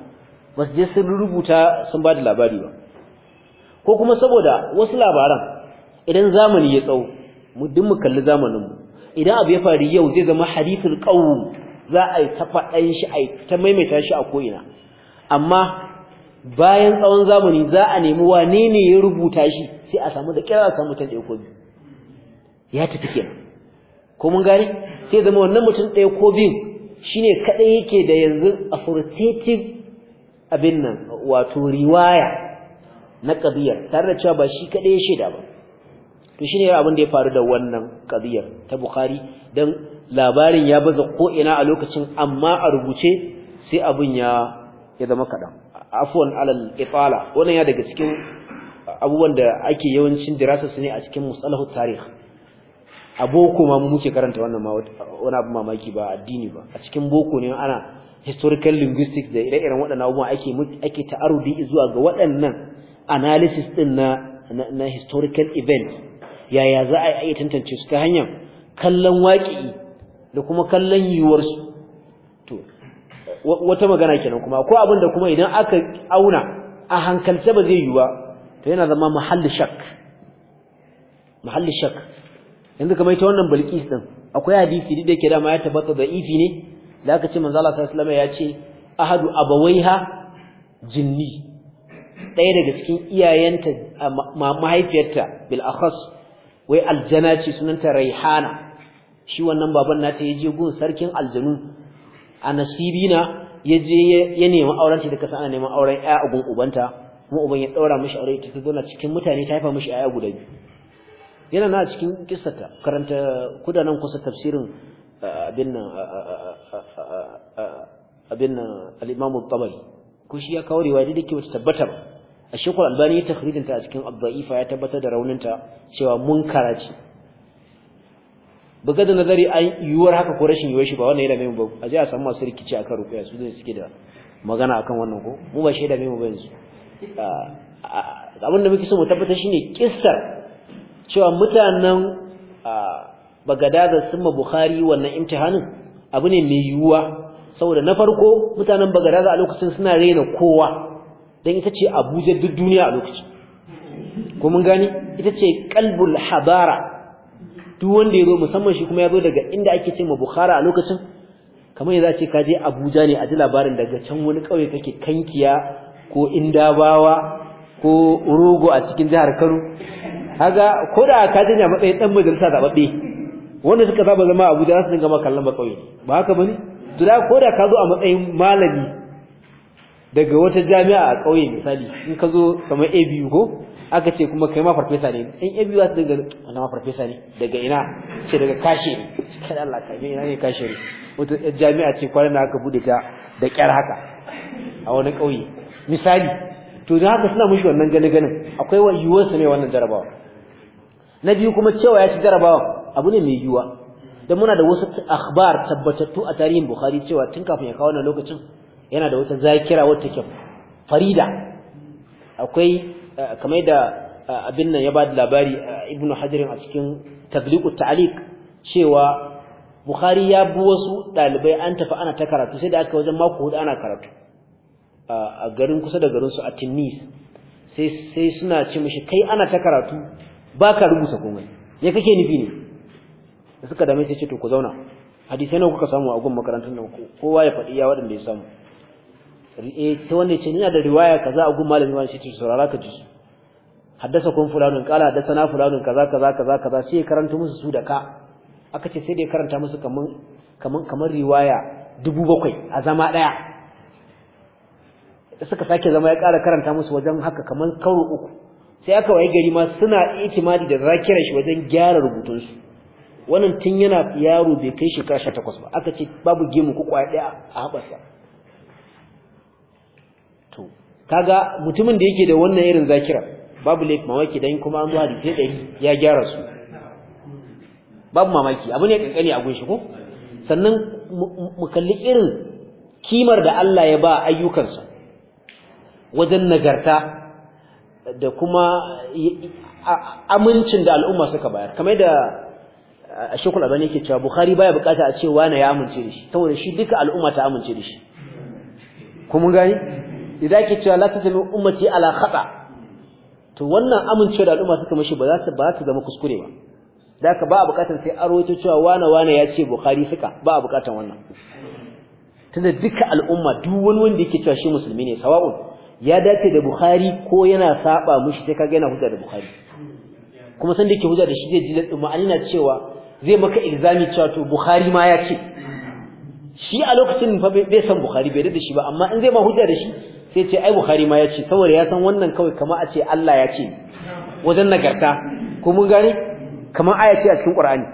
ba su je sun rubuta sun ba da labari ba ko kuma saboda wasu labaran idan zamani ya tsawo mu duk mu kalli zamanin mu idan abu ya faru yau zai zama hadithul qawm za a yi ta faɗan shi a ta maimaita shi a ko'ina amma bayan tsawon zamani za a nemi wane ne ya rubuta shi sai a samu da kira a samu tan ɗaya ko biyu ya tafi kenan ko mun gane sai zama wannan mutum ɗaya ko biyu shine kaɗai yake da yanzu a furtetin abin nan wato riwaya na ƙabiyar tare da cewa ba shi kaɗai ya shaida ba to shine abin da ya faru da wannan ƙabiyar ta Bukhari don labarin ya baza ko ina a lokacin amma a rubuce sai abin ya zama kaɗan Afuwan alal itala wannan ya daga cikin abubuwan da ake yawancin dirasa su ne a cikin musalahu tarihi. a boko ma muke karanta wannan ma wani abu mamaki ba addini ba a cikin boko ne ana historical linguistics da ire-iren waɗannan abubuwa ake ake ta'arudi zuwa ga waɗannan analysis din na na historical event yaya za a iya tantance su ta hanyar kallon waƙi da kuma kallon yiwuwar su to wata magana kenan kuma ko abin da kuma idan aka auna a hankalce ba zai yiwu ba to yana zama mahalli shak mahalli shak yanzu kamar ita wannan bilqis din akwai hadisi da yake dama ya tabbata da ifi ne da aka ce manzo Allah sallallahu alaihi wasallam ya ce ahadu abawaiha jinni daya daga cikin iyayenta mahaifiyarta bil akhas wai aljana ce sunanta raihana shi wannan baban nata yaje gun sarkin aljanu a nasibina yaje ya nemi auren shi da kasa ana neman auren ƴa uban ubanta kuma uban ya daura mishi aure ta zo na cikin mutane ta haifa mishi ƴaƴa guda biyu yana na cikin kissata karanta kudanan kusa tafsirin abin nan abin nan al-Imam tabari ko shi ya kawo riwaya da ke wata tabbata ba Ash-Shaykh albani ya takhrijin ta a cikin abba'ifa ya tabbatar da rauninta cewa mun karaci buga da nazari an yiwuwar haka ko rashin yiwuwar shi ba wannan yana mai ba a je a samu masu rikici akan rukuya su zai suke da magana akan wannan ko mu ba shaida mai mu ba yanzu abin da muke so mu tabbatar shine kissar cewa mutanen bagadaza sun ma bukhari wannan imtihanin abu ne mai yiwuwa saboda na farko mutanen bagadaza a lokacin suna raina kowa don ita ce abuja duk duniya a lokacin ko mun gani ita ce kalbul habara duk wanda ya zo musamman shi kuma ya zo daga inda ake ce ma bukhara a lokacin kamar yadda ce ka je abuja ne a ji labarin daga can wani kauye kake kankiya ko indabawa ko rogo a cikin jihar kano kaga ko da ka janya matsayin dan majalisa babbe wanda suka saba zama Abuja za su dinga ma kallon ba kauye ba haka bane to da ko da ka zo a matsayin malami daga wata jami'a a kauye misali in ka zo kamar ABU ko aka ce kuma kai ma farfesa ne in ABU za su dinga ana ma farfesa ne daga ina ce daga kashe ne kai Allah ka yi ina ne kashe ne wata jami'a ce kwanan aka bude ta da kyar haka a wani kauye misali to da haka suna mushi wannan gane ganin akwai yiwuwar su ne wannan jarabawa na biyu kuma cewa ya ci jarabawa abu ne mai yiwuwa dan muna da wasu akhbar tabbatattu a tarihin bukhari cewa tun kafin ya kawo wannan lokacin yana da wata zakira wata kyau farida akwai eh, kamar da eh, abin nan ya ba da labari eh, ibnu hajarin a cikin tagliqut ta'liq cewa bukhari ya bi wasu ɗalibai an tafi ana ta karatu sai da aka wajen mako hudu ana karatu a garin kusa da garin su a Tunis sai suna ce mishi kai ana ta karatu Ba ka rubuta komai ya kake nufi ne da suka dame sai ce to ku zauna hadisai nawa kuka samu a gun makarantar nan kowa ya faɗi ya waɗanda ya samu eh sai wanda ce ina da riwaya kaza a gun malami wani shi saurara ka ji su haddasa kun Fulani, kala haddasa na Fulani kaza kaza kaza kaza sai ya karanta musu su da ka aka ce sai da ya karanta musu kaman kaman kamar riwaya dubu bakwai a zama ɗaya suka sake zama ya ƙara karanta musu wajen haka kamar karo uku sai aka waye gari ma suna itimadi da zakirar shi wajen gyara rubutunsu wannan tun yana yaro bai kai shi kasha takwas ba aka ce babu gemu ko kwaya ɗaya a habarsa to kaga mutumin da yake da wannan irin zakira babu laifin mamaki dan kuma an zuwa da ɗari ya gyara su babu mamaki abu ne kankani a gunshi ko sannan mu kalli irin kimar da Allah ya ba ayyukansa wajen nagarta da kuma amincin da al'umma suka bayar kamar da shekul Albani yake cewa Bukhari baya bukata a ce na ya amince da shi saboda shi duka al'umma ta amince da shi kuma gani idan yake cewa la tajma ummati ala khata to wannan amincewa da al'umma suka mishi ba za ta ba ta zama kuskure ba daka ba a bukatar sai arwato cewa wana wana ya ce Bukhari suka ba a bukatar wannan tunda duka al'umma duk wani wanda yake cewa shi musulmi ne sawa'un ya dace da bukhari ko yana saba mushi sai kaga yana hujja da bukhari kuma san da yake hujja da shi zai ji ma'ani na cewa zai maka ilzami cewa to bukhari ma ya ce shi a lokacin fa bai san bukhari bai da shi ba amma in zai ma hujja da shi sai ce ai bukhari ma ya ce saboda ya san wannan kawai kamar a ce Allah ya ce wajen nagarta ko mun gane kamar aya ce a cikin Qur'ani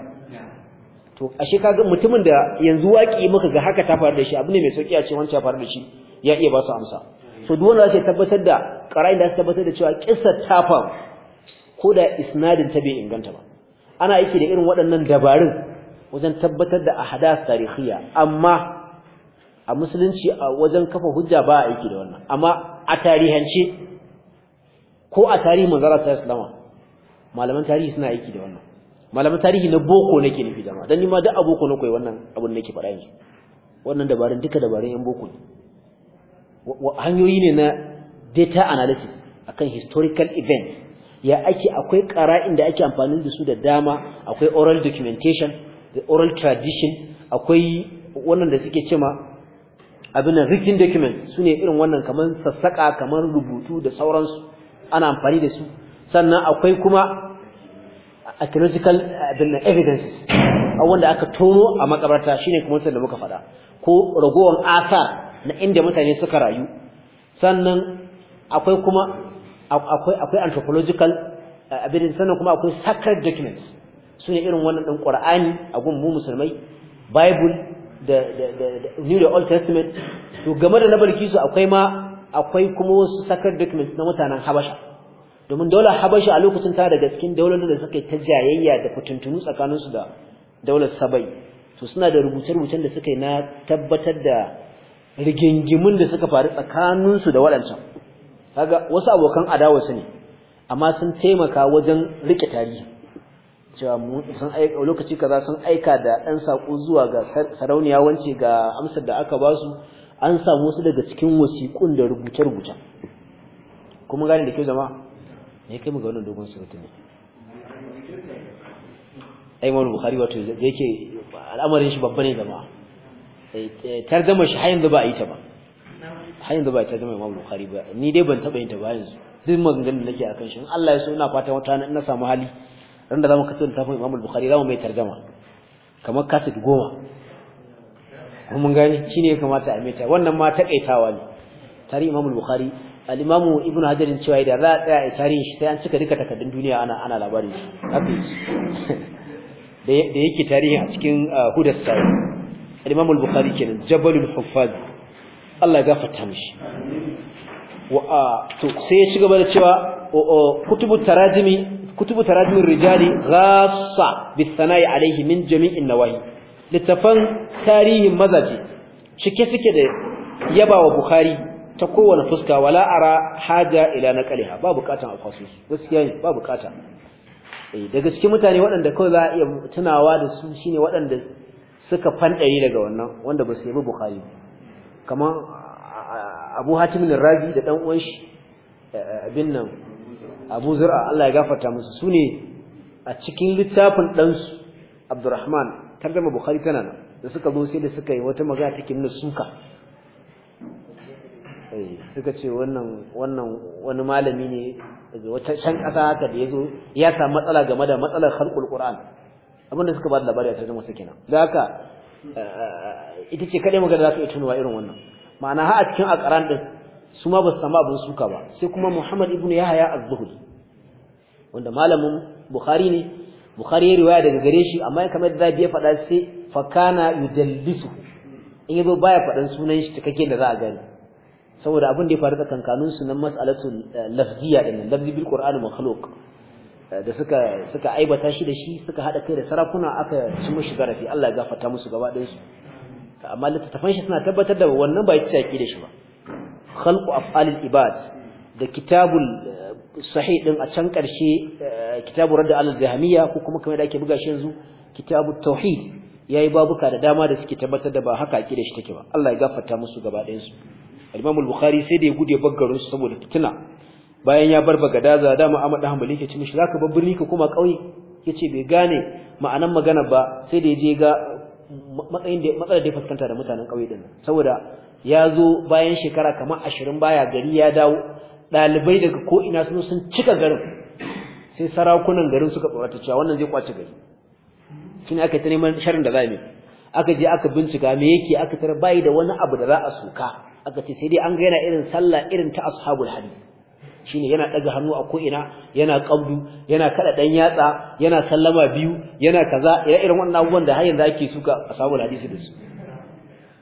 to ashe kaga mutumin da yanzu waki maka ga haka ta faru da shi abu ne mai sauki a ce wancan faru da shi ya iya ba su amsa so duk wanda zai tabbatar da qarai da tabbatar da cewa kissa ta faru ko da isnadin ta bai inganta ba ana aiki da irin waɗannan dabarun wajen tabbatar da ahdas tarihiya amma a musulunci a wajen kafa hujja ba a aiki da wannan amma a tarihance ko a tarihi manzara ta islama malaman tarihi suna aiki da wannan malaman tarihi na boko nake nufi dama dan ni ma duk a boko na koyi wannan abun nake faɗa yanzu wannan dabarun duka dabarun yan boko ne hanyoyi ne na data analysis akan historical events ya ake akwai qara'in da ake amfani da su da dama akwai oral documentation the oral tradition akwai wannan da suke cewa abin written document sune irin wannan kamar sassaka kamar rubutu da sauransu ana amfani da su sannan akwai kuma archaeological evidences wanda aka tono a makabarta shine kuma sai da muka faɗa ko ragowan asar na inda mutane suka rayu sannan akwai kuma akwai akwai anthropological eh, abin sannan kuma akwai sacred documents sune irin wannan din Qur'ani a gun mu musulmai Bible da New da Old Testament to game da na Bilkisu akwai ma akwai kuma wasu sacred documents na mutanen Habasha domin daular habasha a lokacin ta daga cikin daularin da suka ta jayayya da fitintunu tsakaninsu da daular sabai to suna da rubuce-rubucen da suka yi na tabbatar da rigingimin da suka faru tsakaninsu da waɗancan kaga wasu abokan adawa su ne amma sun taimaka wajen rike tarihi cewa sun aika lokaci kaza sun aika da ɗan saƙo zuwa ga sarauniya wance ga amsar da aka ba su an samu wasu daga cikin wasiƙun da rubuce-rubuce kuma gane da ke zama ne kai mu ga wannan dogon surutu ne ai Bukhari wato yake al'amarin shi babba ne zama. targama shi har yanzu ba a yi ta ba har yanzu ba a yi Imam Bukhari ba ni dai ban taba yin ta ba yanzu duk maganganun da nake akan shi in Allah ya so ina fatan wata na samu hali ran da zamu kaso littafin Imam Bukhari zamu mai targama kamar kaset goma mun gane shine ya kamata a meta wannan ma takaitawa ne tarihi Imam Bukhari al-Imam Ibn Hajar cewa da za a tsaya a tarihin shi sai an cika duka takardun duniya ana ana labarin shi da yake tarihin a cikin uh, Hudas Sa'id al-Imam al-Bukhari kenan Jabalul Huffaz Allah ya gafarta mishi wa to sai ya ci gaba da cewa kutubu tarajimi kutubu tarajimin rijali ghassa bisana'i alaihi min jami'in nawahi littafan tarihin mazaji cike suke da yabawa Bukhari ta kowane fuska wala ara haja ila naqliha ba bukatan alqasis gaskiya ne ba bukata eh daga cikin mutane waɗanda kawai za a iya tunawa da su shine waɗanda suka fandaye daga wannan wanda ba su yi bukhari kamar abu hatim da razi da dan uwan shi eh, eh, abin nan abu zur'a Allah ya gafarta musu sune a cikin littafin dan su abdurrahman tarjuma bukhari tana nan da suka zo sai da suka yi wata magana take nuna suka eh suka ce wannan wani malami ne wata shan kasa haka da yazo ya samu matsala game da matsalar khalqul qur'an abinda suka ba da labari a tarihin wasu kenan da haka eh, ita ce kaɗai magana za su iya tunawa irin wannan ma'ana ha a cikin akaran ɗin su ma ba su samu abin suka ba sai kuma muhammad ibnu yahaya az-zuhri wanda malamin bukhari ne bukhari ya riwaya daga gare shi amma kamar da zabi ya faɗa sai fakana yudallisu in zo baya faɗan sunan shi cikakke da za a gani saboda abin da ya faru tsakankanin su nan mas'alatul eh, lafziyya din lafzi bil qur'an makhluq da suka suka aibata shi da shi suka hada kai da sarakuna aka ci mushi garafi Allah ya gafarta musu gaba ɗayan su amma littattafan shi suna tabbatar da wannan ba ita yake da shi ba khalqu af'alil ibad da kitabul eh, sahih din a can karshe eh, kitabu radd al jahmiya ko kuma kamar da ake buga shi yanzu kitabut tauhid yayi babuka da dama da suke tabbatar da ba haka ake da shi take ba Allah ya gafarta musu gaba ɗayan su Imam al-Bukhari sai da ya gude baggarin su saboda fitina bayan ya bar bagadaza dama Ahmad Hanbali yake ce mishi zaka bar birni ka kuma kauye yace bai gane ma'anar magana ba sai da yaje ga matsayin da matsalar da fuskanta da mutanen kauye din saboda ya zo bayan shekara kamar 20 baya gari ya dawo dalibai daga ko ina sun sun cika garin sai sarakunan garin suka tsorata cewa wannan zai kwace gari shine aka ta neman sharrin da za mu aka je aka bincika me yake aka tar bai da wani abu da za a soka aka ce sai dai an ga yana irin sallah irin ta ashabul hadith shine yana daga hannu a ko'ina yana kambu yana kada dan yatsa yana sallama biyu yana kaza irin wannan abubuwan da har yanzu ake suka a samu hadisi da su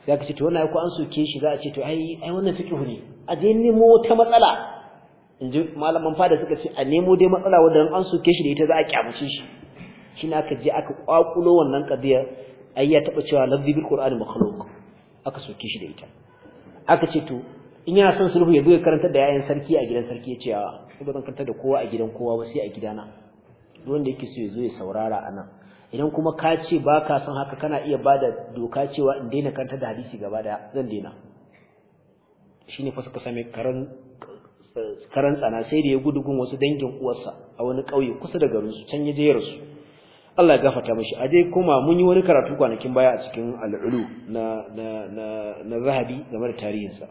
sai aka ce to wannan ko an soke shi za a ce to ai ai wannan fiqhu ne a je nemo wata matsala inji malaman fada suka ce a nemo dai matsala wanda an soke shi da ita za a kyamuce shi shine aka je aka kwakulo wannan kadiyar ai ya taba cewa lafzi qur'ani makhluq aka soke shi da ita aka ce to in yana son sulhu ya buga karantar da yayan sarki a gidan sarki ya ce a ba zan karanta da kowa a gidan kowa ba sai a gidana duk wanda yake so ya zo ya saurara a nan idan kuma ka ce ba ka son haka kana iya ba da doka cewa in daina karanta da hadisi gaba daya zan daina shi ne fa suka same karan karan tsana sai da ya gudu gudugun wasu dangin uwarsa a wani ƙauye kusa da garinsu can ya je su Allah ya gafarta mishi a dai kuma mun yi wani karatu kwanakin baya a cikin al'ulu na na na na zahabi game da tarihinsa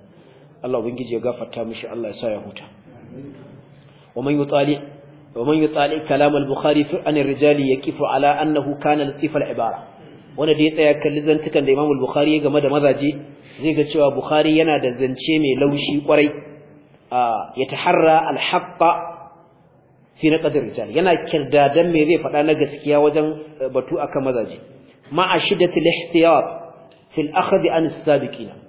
Allah ubangiji ya gafarta mishi Allah ya sa ya huta wa man yutali wa man yutali bukhari fi rijali yaqifu ala annahu kana latif wanda da ya tsaya kalli zantukan da Imam bukhari ya game da mazaje zai ga cewa Bukhari yana da zance mai laushi kwarai ya taharra al-haqqa fi na qadar rijal yana dan me zai faɗa na gaskiya wajen eh, batu akan mazaje ma'a shiddatil ihtiyat fil akhd an as-sabiqina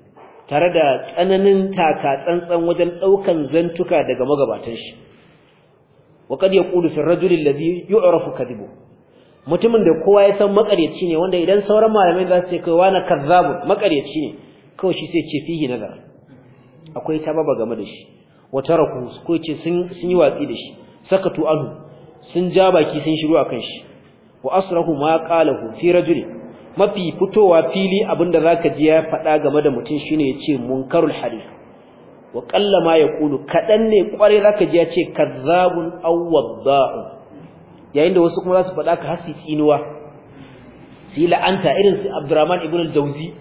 tare da tsananin taka tsantsan wajen daukan zantuka daga magabatan shi wa kad yaqulu fi ladhi yu'rafu kadhibu mutumin da kowa ya san makaryaci ne wanda idan sauran malamai za su ce kai wani kazzabu makaryaci ne kawai shi sai ce fihi nazar akwai ta baba game da shi wa taraku ko ce sun sun yi watsi da shi sakatu anhu sun ja baki sun shiru akan shi wa asrahu ma qalahu fi rajulin mafi fitowa fili abinda zaka ji ya faɗa game da mutum shine yace munkarul hadith wa qalla ma yaqulu kadan ne kware zaka ji yace kazzabun aw wadda'u yayin da wasu kuma za su faɗa ka hasi tsinuwa sai la'anta irin su Abdurrahman ibn al-Jawzi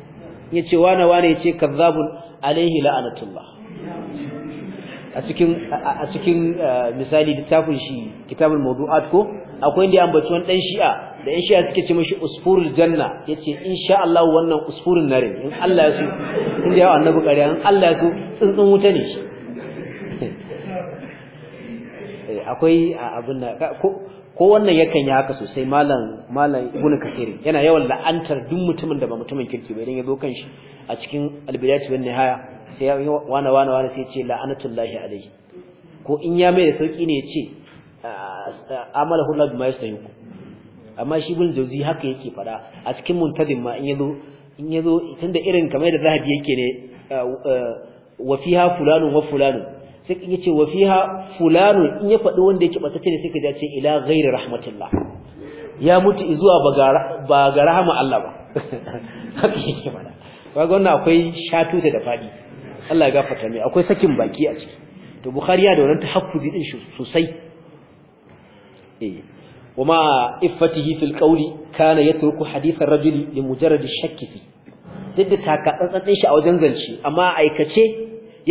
yace wana wana yace kazzabun alaihi la'anatullah a cikin a cikin eh, misali littafin shi kitabul mawdu'at ko akwai inda ambaci wani dan shi'a da in shi'a suke ce mashi usfurul janna yace insha Allah wannan usfurin nare in Allah ya so in da yawa annabi ƙarya in Allah ya so tsuntsun wuta ne shi eh, akwai abin da ko wannan yakan yi haka sosai malam malam ibnu kathir yana yawan la'antar duk mutumin da ba mutumin kirki ba idan ya zo kan shi a cikin albidayatu wan nihaya sai ya wana wana wana sai ya ce la'anatullahi alaihi ko in ya mai da sauki ne ya ce amalahu Allah bima yastahiqu amma shi bin jauzi haka yake fada a cikin muntazim ma in yazo in yazo tunda irin kamar da zahabi yake ne uh, uh, wa fiha fulanu wa fulanu sai in yace wa fiha fulanu in ya fadi wanda yake batace ne sai ka dace ila ghairi rahmatillah ya mutu zuwa ba ga rahama Allah ba haka yake fada kaga wannan akwai shatu da fadi Allah ya gafarta mai akwai sakin baki a ciki to bukhari ya da wannan tahaffuzi din sosai eh وما إفته في القول كان يترك حديث الرجل لمجرد الشك فيه duk da takatsantsan shi a wajen zance amma aikace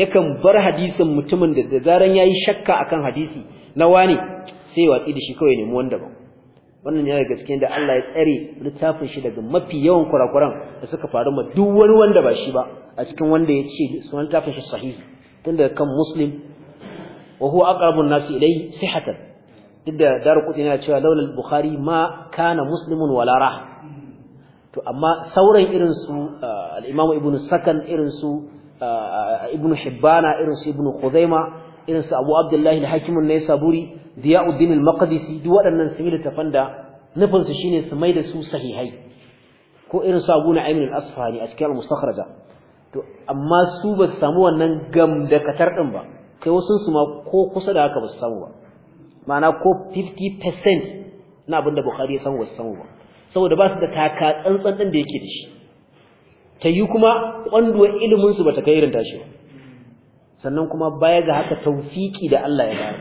yakan bar hadisin mutumin da da zaran yayi shakka akan hadisi na wani sai watsi da shi kawai nemi wanda ba wannan yana gaskiya da Allah ya tsare littafin shi daga mafi yawan kurakuran da suka faru ma duk wani wanda ba shi ba a cikin wanda ya ce sunan littafin shi sahihi tun daga kan muslim wa huwa aqrabun nasi ilayhi duk da daruqut yana cewa laulal bukhari ma kana muslimun wala rah to amma sauran irin su uh, al-imam sakan irin su uh, uh, Ibn hibbana irin su ibnu khuzaima irin su abu abdullahi al-hakim an-naisaburi diyauddin al-maqdisi duk waɗannan sun da nufin su shine su maida su sahihai ko irin su abu na'im al-asfahani a cikin al-mustakhraja to amma su ba su samu wannan katar din ba kai wasu su ma ko kusa da haka ba su samu ba ma'ana ko 50% na abinda Bukhari ya san wasu samu ba saboda ba su da taka tsantsan din da yake da shi ta yi kuma kwanduwar ilimin su bata kai irin tashi sannan kuma baya ga haka tawfiki da Allah ya bayar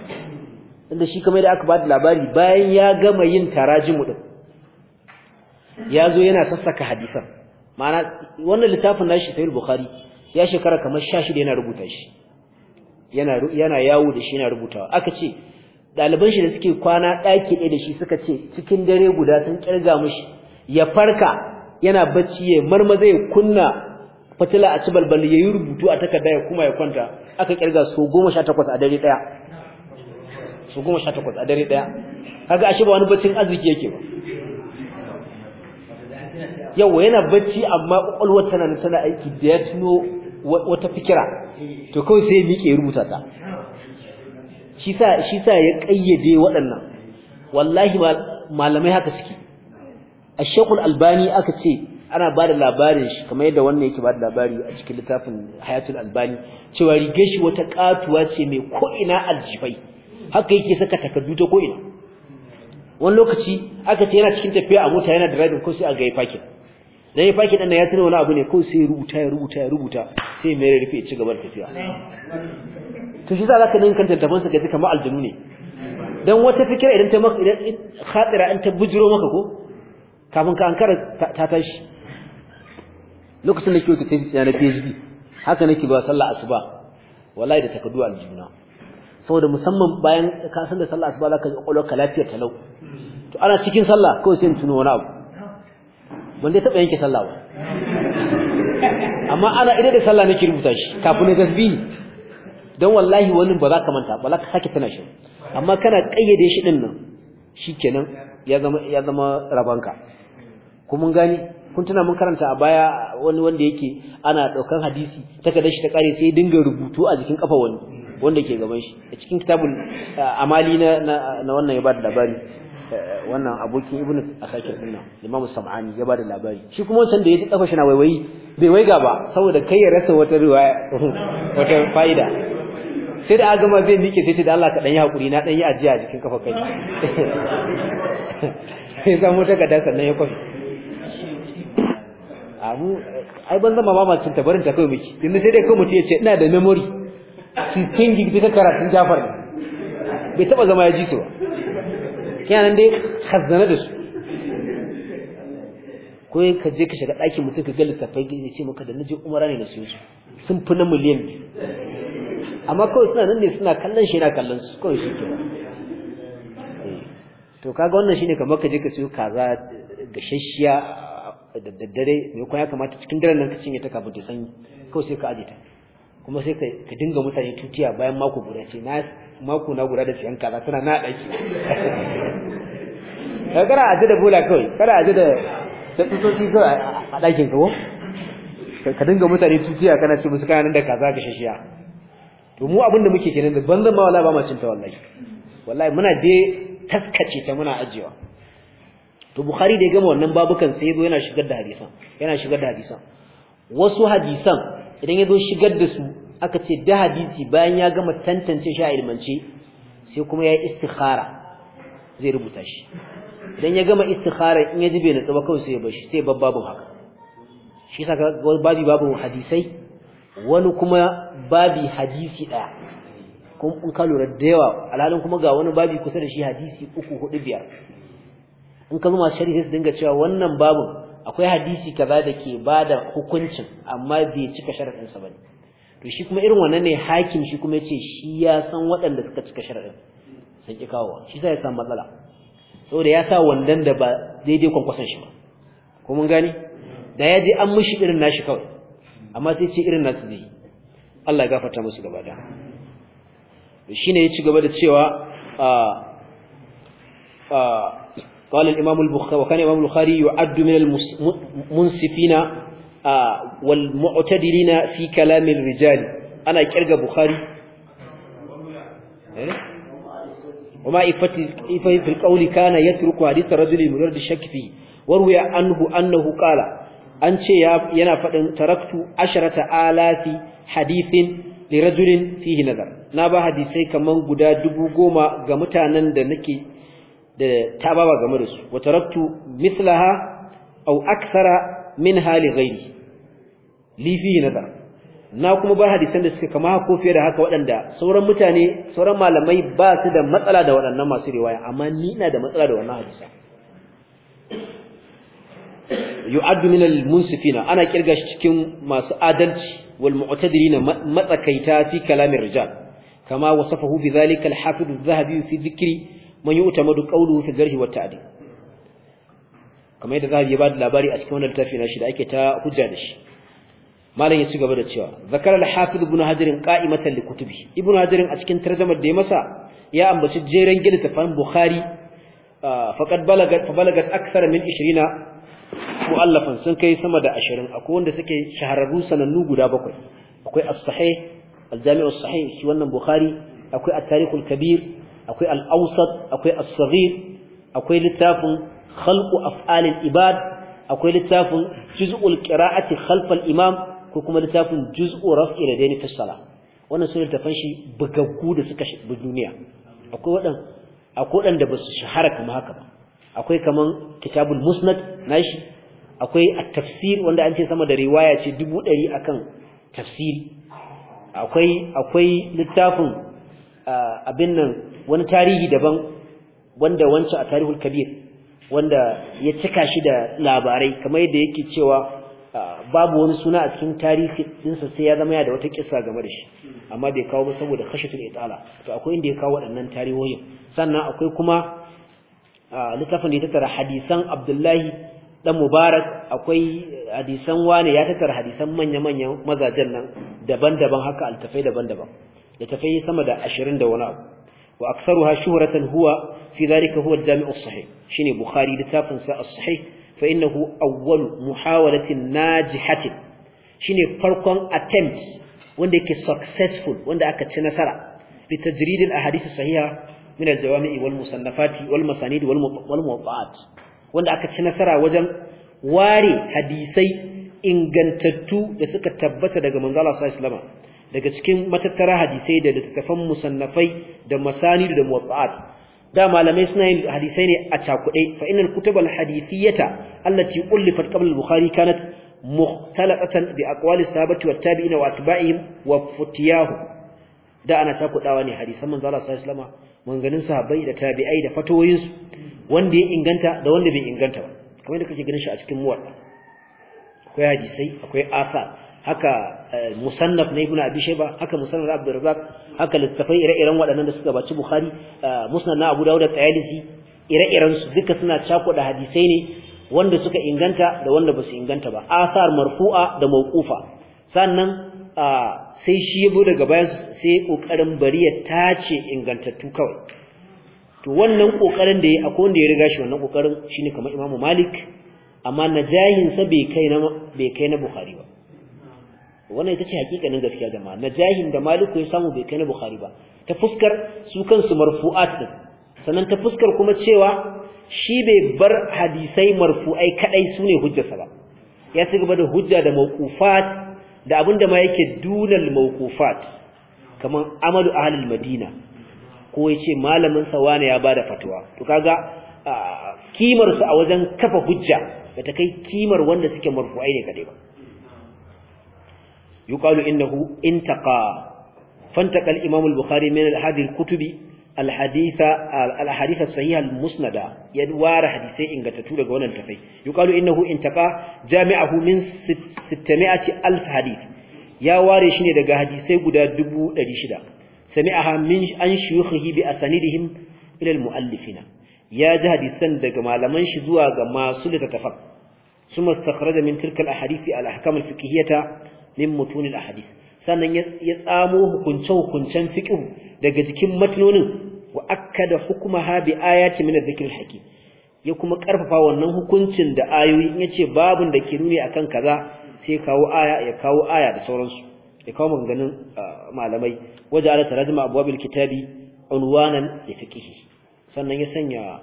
inda shi kamar da aka ba da labari bayan ya gama yin tarajimu din ya zo yana sassaka hadisan ma'ana wannan littafin nashi sahih bukhari ya shekara kamar 16 yana rubuta shi yana yawo da shi yana rubutawa aka ce ɗaliban shi da suke kwana ɗaki ɗaya da shi suka ce cikin dare guda sun kirga mushi ya farka yana bacci ya marmaza ya kunna fatila a ci ya yi rubutu a takarda ya kuma ya kwanta aka kirga su goma sha takwas a dare ɗaya su goma sha takwas a dare ɗaya kaga ashe ba wani baccin arziki yake ba yawa yana bacci amma ƙwaƙwalwa tana tana aiki da ya tuno wata fikira to kawai sai ya miƙe rubuta ta shi sa ya kayyade waɗannan wallahi malamai haka suke ash shekul albani aka ce ana ba da labarin shi kamar yadda wannan yake ba da labari a cikin littafin hayatul albani cewa rige shi wata katuwa ce mai ko'ina aljifai haka yake saka takardu ta ko'ina wani lokaci aka ce yana cikin tafiya a mota yana driving ko sai a ga fakin dan ya fakin ya tana wani abu ne ko sai rubuta ya rubuta ya rubuta sai mai rufe ci gaba da tafiya to shi za ka nan kanta da bansa gaji kamar aljanu ne dan wata fikira idan ta maka idan khatira an ta bujiro maka ko kafin ka ankara ta tashi lokacin da kike ta tafi na PhD haka nake ba sallah asuba wallahi da takaddu aljuna saboda musamman bayan ka san da sallah asuba zaka ka kwakwalwarka ta talau to ana cikin sallah kawai sai in tuno wani abu wanda ya taɓa yanke sallah ba amma ana idan da sallah nake rubuta shi kafin na tasbihi don wallahi wani ba za ka manta ba za ka sake tana shi amma kana kayyade shi din nan shikenan ya zama ya zama rabanka ku mun gani kun tuna mun karanta a baya wani wanda yake ana daukan hadisi takardar shi ta kare sai dinga rubutu a jikin kafa wani wanda ke gaban shi a cikin kitabul eh, amali na wannan ya ba da labari eh, wannan abokin ibnu asakir din nan imamu sam'ani ya ba da labari shi kuma wancan da ya ji kafa shi na waiwayi bai waiga ba saboda kai ya rasa wata riwaya wata fa'ida sai da agama zai nike sai ce da Allah ka dan yi hakuri na dan yi ajiya a jikin kafa kai sai samu ta kada sannan ya kwafi Abu ai ban zama ba macin tabarin ta kai miki inda sai dai kai mutum ya ce ina da memory sittin gig ta karatun Jafar bai taba zama ya ji su ba kenan dai khazzana da su ko ka je ka shiga ɗakin mutum ka ga littafai ya ce maka da naje umara ne na siyo su sun fi na miliyan biyu amma kawai suna nan ne suna kallon shi na kallon su kawai shi ke eh. to kaga wannan shine kamar ka je ka siyo kaza gasasshiya da daddare mai kuma ya kamata cikin daren nan ka cinye ta kafin ta sanyi kawai sai ka aje ta kuma sai ka dinga mutane tutiya bayan mako guda ce na mako na guda da siyan kaza tana na daki kada aje da bola kawai kada aje da da tutoci kawai a dakin ka ko ka dinga mutane tutiya kana ce musu kana da kaza ka shashiya to mu abinda da muke kenan ban zan ba wallahi ba ma cin ta wallahi wallahi muna je taskace ta muna ajewa to bukhari da ya gama wannan babukan sai yazo yana shigar da hadisan yana shigar da hadisan wasu hadisan idan yazo shigar da su aka ce da hadisi bayan ya gama tantance shi a ilmance sai kuma yayi istikhara zai rubuta shi idan ya gama istikhara in ya ji bai natsuwa kawai sai ya bar shi sai babbabin haka shi yasa babu babu hadisai wani kuma babi hadisi ɗaya kun in ka lura da yawa alhalin kuma ga wani babi kusa da shi hadisi uku hudu biyar in ka zama sharhi su dinga cewa wannan babin akwai hadisi kaza da ke ba da hukuncin amma bai cika sharaɗinsa ba ne to shi kuma irin wannan ne hakim shi kuma ce shi ya san waɗanda suka cika sharaɗin sun ƙi kawowa shi sa ya samu matsala saboda ya sa wandan da ba daidai kwankwasan shi ba ko mun gane da ya je an mishi irin nashi kawai amma sai ce irin nasu zai Allah ya gafarta musu gaba da shine ya ci gaba da cewa a a قال الإمام البخاري وكان الإمام البخاري يعد من المنصفين والمعتدلين في كلام الرجال أنا كرجع بخاري وما إفته في القول كان يترك حديث الرجل من الشك فيه وروي عنه أنه قال an ce yana faɗin taraktu asharata alati hadithin rajulin fihi nazar na ba hadisai kaman guda dubu goma ga mutanen da nake da tababa game da su wa taraktu mithlaha aw akthara min hali ghairi li fihi nazar na kuma ba hadisan da suke kama ko fiye da haka waɗanda sauran mutane sauran malamai ba su da matsala da waɗannan masu riwaya amma ni ina da matsala da wannan hadisa yu'addu min al-munsifina ana kirga shi cikin masu adalci wal mu'tadilina matsakaita fi kalamin rijal kama wasafahu bi zalika al-hafiz az-zahabi fi dhikri man yu'tamadu qawluhu fi jarh wa ta'dil kamar yadda zahabi ya bada labari a cikin wannan littafi na shi da ake ta hujja da shi malam ya ci gaba da cewa zakar al-hafiz ibn hajar qa'imatan li kutubi ibn hajar a cikin tarjumar da ya masa ya ambaci jeren gida tafan bukhari ah, faqad balagat balagat akthar min 20 mu'allafan sun kai sama da ashirin akwai wanda suke shahararru sanannu guda bakwai akwai as-sahih al-jami' as-sahih shi wannan bukhari akwai at-tarikh al-kabir akwai al-awsat akwai as-saghir akwai littafin khalqu af'al al-ibad akwai littafin juz'ul qira'ati khalf al-imam ko kuma littafin juz'u raf'i da dani fi wannan sun littafan shi bugaggu da suka shi duniya akwai wadan akwai wadanda basu shahara kamar haka ba akwai kaman kitabul musnad nashi akwai a tafsir wanda an ce sama da riwaya ce dubu ɗari a kan tafsir. akwai littafin abin nan wani tarihi daban wanda wancan a tarihul kabir wanda ya cika shi da labarai kamar yadda yake cewa babu wani suna a cikin tarihi dinsa sai ya zama ya da wata kisa game da shi amma bai kawo ba saboda khashatul itala to akwai inda ya kawo waɗannan tarihoyin sannan akwai kuma littafin da ya tattara hadisan Abdullahi dan mubarak akwai hadisan wane ya tatar hadisan manya manya mazajen nan daban-daban haka altafai daban-daban tafai sama da 20 da wani abu wa aktharuha shuhratan huwa fi dhalika huwa al-jami' as-sahih shine bukhari littafin sa as-sahih fa innahu awwal muhawalatin najihatin shine farkon attempt wanda yake successful wanda aka ci nasara bi tajrid al-ahadith as-sahiha min al-jawami' wal musannafati wal masanid wal muwatta'at wanda aka ci nasara wajen ware hadisai ingantattu da suka tabbata daga Manzala sallallahu alaihi wasallam daga cikin matattara hadisai da littafan musannafai da masani da muwatta'at da malamai suna yin hadisai ne a cakuɗe fa innal kutubal hadithiyata allati ullifat qabla al-bukhari kanat mukhtalatan bi aqwali sahabati wat tabi'ina wa atba'ihim wa futiyahu da ana cakuɗawa ne hadisan Manzala sallallahu alaihi wasallam manganin sahabbai da tabi'ai da fatoyinsu wanda ya inganta da wanda bai inganta ba kamar da kake ganin shi a cikin muwatta akwai hadisai akwai asa haka eh, musannaf na ibnu abi shayba haka musannaf abd razzaq haka littafai ire-iren waɗannan da suka baci bukhari eh, musnad na abu dawud da tayalisi ire-iren su duka suna cako da hadisai ne wanda suka inganta da wanda basu inganta ba asar marfu'a da mawqufa sannan eh, sai shi yabo daga bayan sai kokarin bari ya tace ingantattu kawai to wannan kokarin da yayi akwai wanda ya riga shi wannan kokarin shine kamar Imam Malik amma najahin sa bai kai na bai kai na Bukhari ba wannan ita ce hakikanin gaskiya jama'a najahin da Malik ya samu bai kai na Bukhari ba ta fuskar su kansu marfu'at din sannan ta fuskar kuma cewa shi bai bar hadisai marfu'ai kadai sune hujjarsa ba ya ci gaba da hujja da mawqufat da abinda ma yake dunal mawqufat kamar amalu ahlul madina ko ya ce malamin sa wane ya bada fatuwa to ka ga su a wajen kafa hujja da ta kai kimar wanda suke marfu'ai ne kade ba yuqalu innahu intaqa fantaqa al-imam al-bukhari min al-hadith al-kutubi al-haditha al al-musnada yad wara hadisi ingatatu daga wannan tafai yuqalu innahu intaqa jami'ahu min 600000 hadith ya ware shi ne daga hadisi guda 600 sami'aha min an shuyukhihi bi asanidihim 'ilal almu'allifina ya ji hadisan daga malaman shi zuwa ga masu littattafan ثم استخرج من تلك الاحاديث الاحكام الفقهيه من متون الاحاديث sannan ya tsamo hukunce-hukuncen fiqh daga jikin matnonin wa akkada hukumaha bi ayati min adh-dhikr al ya kuma karfafa wannan hukuncin da ayoyi ya ce babu da ke nuni akan kaza sai aya ya kawo aya da sauransu da kawo maganganun ah, malamai waje ala tarjuma abwabil kitabi unwanan li fiqhi sannan ya sanya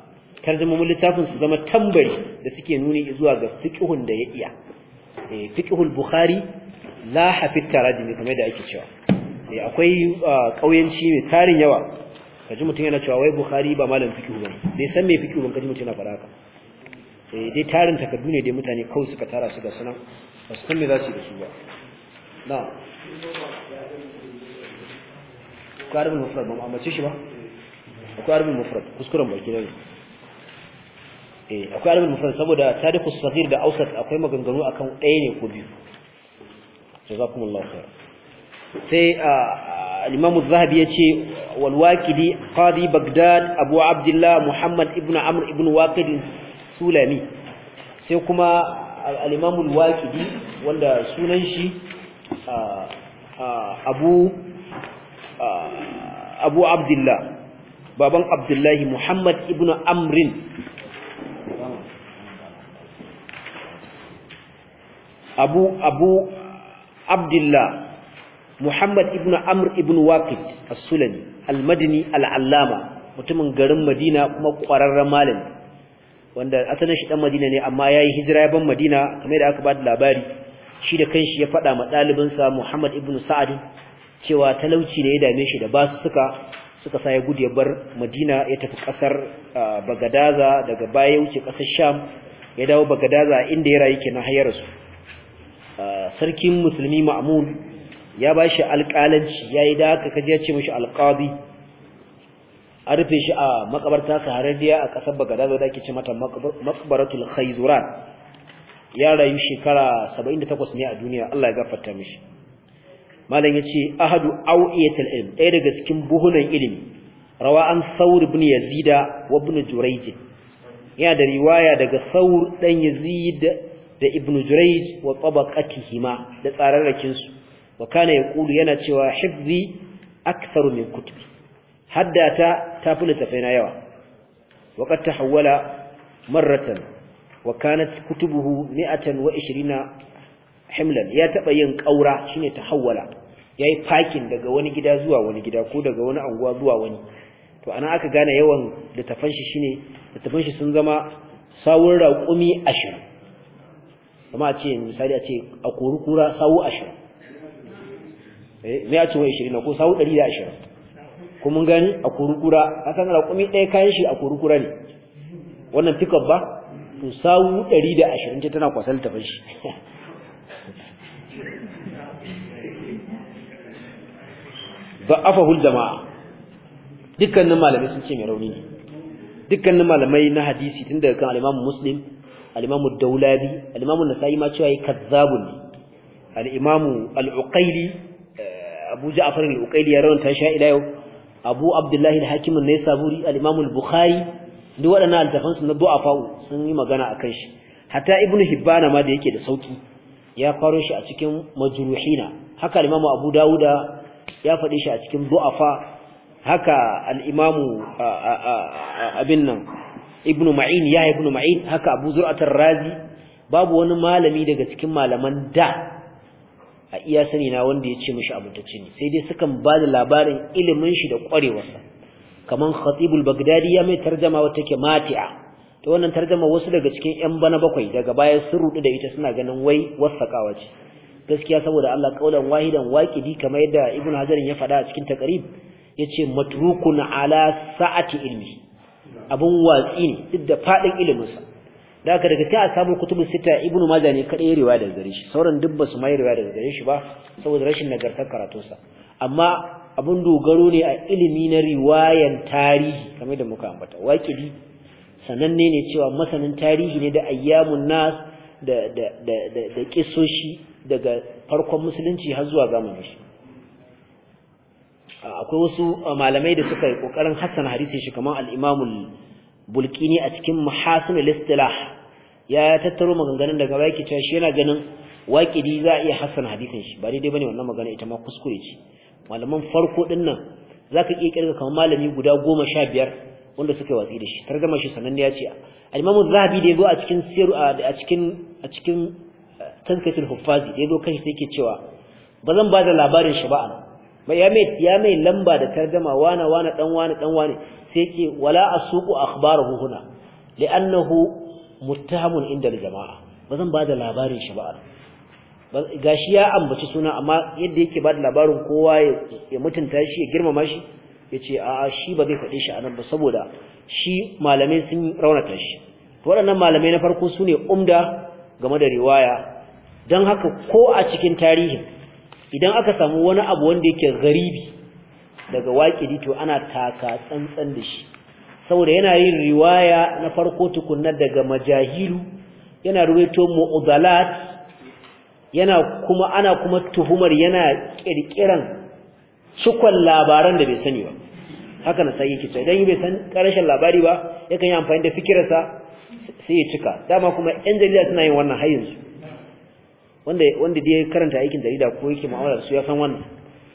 mun littafin su zama tambari da suke nuni zuwa ga fiqhun da ya iya eh, fiqhul bukhari la hafi tarjumi kamar da ake cewa eh, akwai kauyanci ah, mai tarin yawa kaji mutun yana cewa wai bukhari ba malam fikihu bane dai san me fikihu ban kaji mutun yana faɗa haka eh dai tarin takardu ne dai mutane kawai suka tara su ga sunan ba su san me za su yi da su ba na'am akwai mufrad ba mu ambace shi ba akwai arbin mufrad kuskuren baki ne eh akwai arbin mufrad saboda tarikhus saghir da ausat akwai maganganu akan ɗaya ne ko biyu jazakumullahu khair sai al-imam az-zahabi yace wal waqidi qadi bagdad abu abdullah muhammad ibn amr ibn waqid sulami sai kuma al-imam al-waqidi wanda sunan shi abu abu abdullah baban abdullahi muhammad ibnu amrin abu abu abdullah muhammad ibnu amr ibnu waqid as-sulami al-madini al-allama mutumin garin madina kuma ƙwararren malami wanda asalin shi dan madina ne amma yayi hijira ya ban madina kamar da aka ba da labari shi da kanshi ya faɗa ma ɗalibinsa Muhammad ibn Sa'ad cewa talauci ne ya dame shi da basu suka suka sa ya gudu ya bar Madina ya tafi ƙasar Bagadaza daga baya ya wuce ƙasar Sham ya dawo Bagadaza inda ya rayu kenan har ya rasu sarkin musulmi Ma'mun ya ba shi alƙalanci yayi da haka kaje ya ce mishi alƙabi an rufe shi a makabarta sahararriya a ƙasar Bagadaza da ake ce mata makbaratul Khayzuran ya rayu shekara 78 ne a duniya Allah ya gafarta mishi malam yace ahadu awiyatul ilm ɗaya daga cikin buhunan ilimi rawa an saur ibn yazida wa ibn jurayj yana da riwaya daga saur dan yazid da ibn jurayj wa tabaqatihima da tsararrakin su wa kana Kulu yana cewa hifzi aktharu min kutubi haddata tafi tafaina yawa wa qad tahawwala maratan wa kanat kutubuhu 120 himlan ya taba yin kaura shine tahawwala yayi packing daga wani gida zuwa wani gida ko daga wani anguwa zuwa wani to ana aka gane yawan tafan shi shine tafan shi sun zama sawun raƙumi 20 kuma a ce misali a ce a kori kura sawu 20 eh ne a ce 20 ko sawu 120 ko mun gani a kurukura kura akan raƙumi ɗaya kayan shi a kurukura kura ne wannan pickup ba to sawu 120 ce tana kwasar ta ba afahul jama'a dukkanin malamai sun ce mai rauni ne dukkanin malamai na hadisi tun daga kan al-Imam Muslim al-Imam Daulabi al-Imam Nasa'i ma cewa kazzabun ne al-Imam al-Uqayli eh, Abu Ja'far al-Uqayli ya rawanta shi ila yau Abu Abdullah al-Hakim an-Naisaburi al-Imam al-Bukhari duk waɗannan altafan su na fa'u sun yi magana a kan shi hatta ibnu hibbana ma da yake da sauki ya faro shi a cikin majruhina haka al-imamu abu dauda ya faɗi shi a cikin du'afa haka al-imamu abin nan ibnu ma'in ya ibnu ma'in haka abu zur'at razi babu wani malami daga cikin malaman da a iya sani na wanda ya ce mishi abutacce ne sai dai sukan ba da labarin ilimin shi da ƙwarewarsa kaman khatibul bagdadi ya mai tarjama wata ke mati'a to wannan tarjama wasu daga cikin yan bana bakwai daga baya sun rudu da ita suna ganin wai wasaqawa ce gaskiya saboda Allah kaulan wahidan waqidi kamar yadda ibnu hazarin ya faɗa a cikin taqrib yace matrukun ala sa'ati ilmi abun watsi ne duk da fadin sa da aka daga ta samu kutubu sita ibnu majah ne kadai riwaya daga gare shi sauran duk basu mai riwaya daga gare shi ba saboda rashin nagartar karatunsa amma abin dogaro ne a ilimi na riwayan tarihi kamar da muka ambata waƙidi sananne ne cewa masanin tarihi ne da ayyamun nas da da da da, da kissoshi daga farkon musulunci har zuwa zamanin shi akwai wasu malamai da suka yi kokarin hassan hadisi shi kamar al-imamul bulqini a cikin al istilah ya tattaro maganganun daga baki cewa shi yana ganin waƙidi za a iya hassan hadisin shi ba daidai bane wannan magana ita ma kuskure ce malaman farko din nan zaka iya kirga kamar malami guda 15 wanda suka watsi da shi targama shi ya ce al-Imam Zahabi da yago a cikin siru a cikin a cikin eh, huffazi da yago kai sai yake cewa bazan ba da labarin shi ba an ya mai ya mai lamba da targama wana wana dan wani dan wani sai yake wala asuqu akhbaruhu huna li'annahu muttahamun inda al-jama'a bazan ba da labarin shi ba gashi ya ambaci suna amma yadda yake ba da labarin kowa ya mutunta shi ya girmama shi ya ce a shi ba zai faɗe shi a nan ba saboda shi malamai sun raunata shi To waɗannan malamai na farko su ne umda game da riwaya don haka ko a cikin tarihin idan aka samu wani abu wanda yake garibi daga waƙidi to ana taka tsantsan da shi saboda yana yin riwaya na farko tukunna daga majahilu yana ruwaito mu'udalat yana kuma ana kuma tuhumar yana kirkiran sukan labaran da bai sani ba haka na sai yake sai idan bai san karashin labari ba yakan yi amfani da fikirarsa sai ya cika dama kuma yan jarida suna yin wannan hayin su wanda wanda dai ya karanta aikin jarida ko yake mu'amala su ya san wannan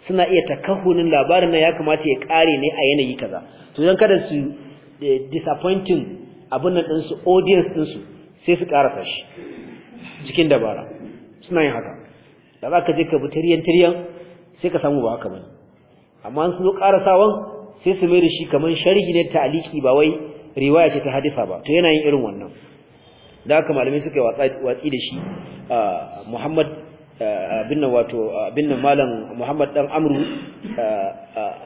suna iya takahunin labarin na ya kamata ya kare ne a yanayi kaza to dan kada su eh, disappointing abun nan din su audience din su sai su karasa shi cikin dabara suna yin haka da za ka je ka bi tiriyan tiriyan sai ka samu ba haka ba amma an su karasawan sai su mai da shi kamar sharhi ne aliki ba wai riwaya ce ta hadisa ba to yana yin irin wannan da haka malamai suka yi watsi da shi Muhammad bin nan wato bin malam Muhammad dan Amru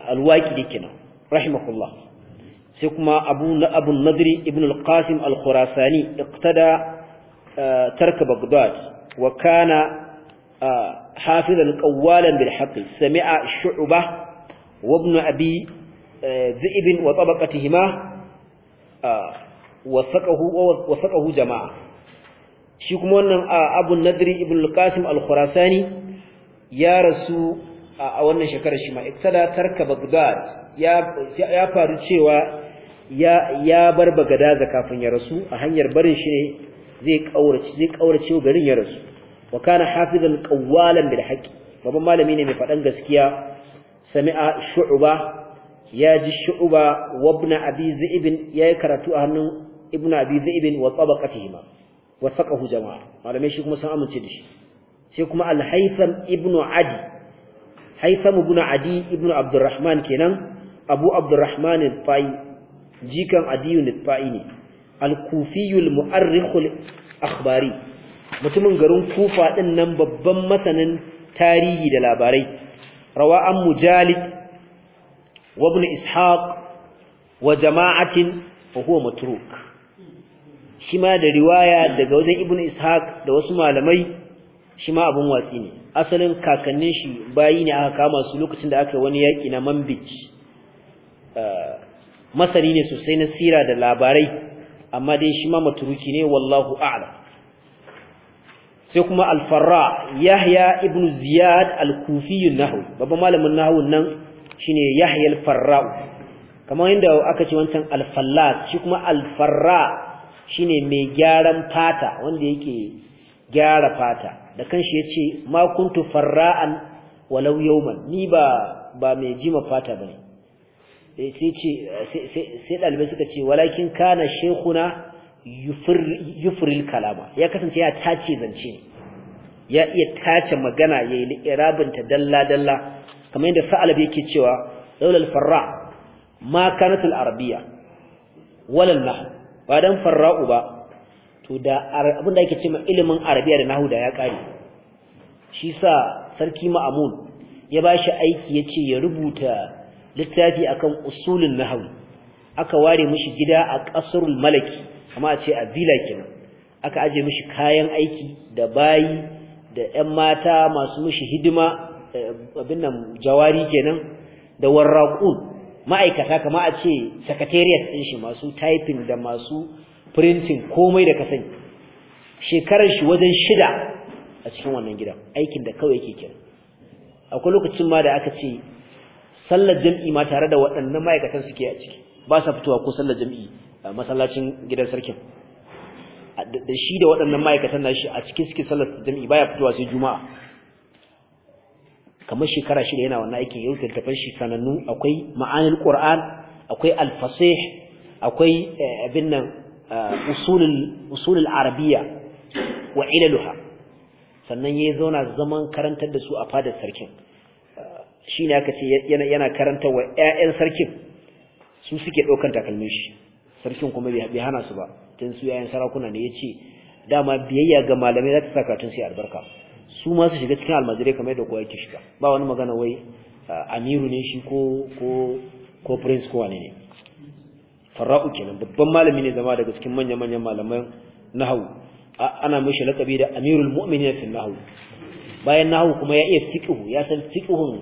al kenan rahimahullah sai kuma Abu Abu Nadri ibn al-Qasim al-Khurasani iqtada tarka Baghdad Wakana kana hafizan qawwalan bil haqq sami'a shu'bah wa ibn abi ذئب وطبقتهما وثقه وثقه shi kuma wannan Abu Nadri ibn al-Qasim al-Khurasani ya rasu a wannan shekarar shi ma iktada tarka Baghdad ya faru cewa ya ya bar Baghdad kafin ya rasu a hanyar barin shi ne zai kaurace garin ya rasu wa kana hafizan qawwalan bil haqqi babban malami ne mai fadan gaskiya sami'a shu'ba ya ji shu'ba wa ibn abi zaib ya yi karatu a hannun ibn abi zaib wa tabaqatihima wa saqahu jama'a malamai shi kuma sun amince da shi sai kuma al-haytham ibn adi haytham ibn adi ibn abdurrahman kenan abu abdurrahman al-fai jikan adiyun al-fai ne al-kufiyul mu'arrikhul akhbari mutumin garin kufa din nan babban masanin tarihi da labarai rawa an mujalid wa ibn ishaq wa jama'atin fa huwa matruk shi ma da riwaya daga wajen ibn ishaq da wasu malamai shi ma abun watsi ne asalin kakannin shi bayi ne aka kama su lokacin da aka wani yaki na manbij eh, masani ne sosai na sira da labarai amma dai shi ma maturuki ne wallahu a'lam sai kuma alfarra yahya ibn ziyad al-kufi nahwi babban malamin nahwun nan shine yahya al kamar yadda aka ce wancan al-fallat shi kuma al-farra shine mai gyaran fata wanda yake gyara fata da kanshi yace ma kuntu farra'an walau yawman ni ba ba mai jima fata bane eh, sai ce sai dalibai suka ce walakin kana shaykhuna yufril kalama ya kasance ya tace zance ya iya tace magana ya yi ta dalla dalla kamar yadda bi yake cewa laulal farra ma kanat al arabiyya wala al nahw ba dan farra'u ba to da abin da yake cewa ilimin arabiya da nahwu da ya kare shi sa sarki ma'amun ya bashi aiki yace ya rubuta littafi akan usulun nahwu aka ware mishi gida a qasrul malaki amma a ce a villa kenan aka aje mishi kayan aiki da bayi da ƴan mata masu mishi hidima eh, abin nan jawari kenan da warraqun ma'aikata kama a ce secretariat din shi masu typing da masu printing komai da kasan shekarar shi wajen shida a cikin wannan gidan aikin da kawai yake kenan akwai lokacin ma da aka ce sallar jam'i ma tare da waɗannan ma'aikatan suke a ciki ba sa fitowa ko sallar jam'i masallacin gidan sarkin da shi da waɗannan ma'aikatan nashi a cikin suke sallar jami'i baya fitowa sai juma'a kamar shekara shida yana wannan aikin yau tattafan shi sanannu akwai ma'anil qur'an akwai al-fasih akwai eh, abin nan eh, usulul usulul arabiyya wa ilaluha sannan ya zauna zaman karantar da su a fadar sarkin eh, shine aka ce yana yana karanta wa ƴaƴan sarkin su suke ɗaukar takalmin shi sarkin kuma bai hana su ba tun su yayin sarakuna ne ya ce dama biyayya ga malamai za ta saka tun sai albarka su ma su shiga cikin almajirai kamar da kowa yake shiga ba wani magana wai amiru ne shi ko ko prince ko ne ne farra'u kenan babban malami ne zama daga cikin manyan manyan malaman nahwu ana mishi lakabi da amirul mu'minin fin nahau bayan nahau kuma ya iya fiqhu ya san fiqhun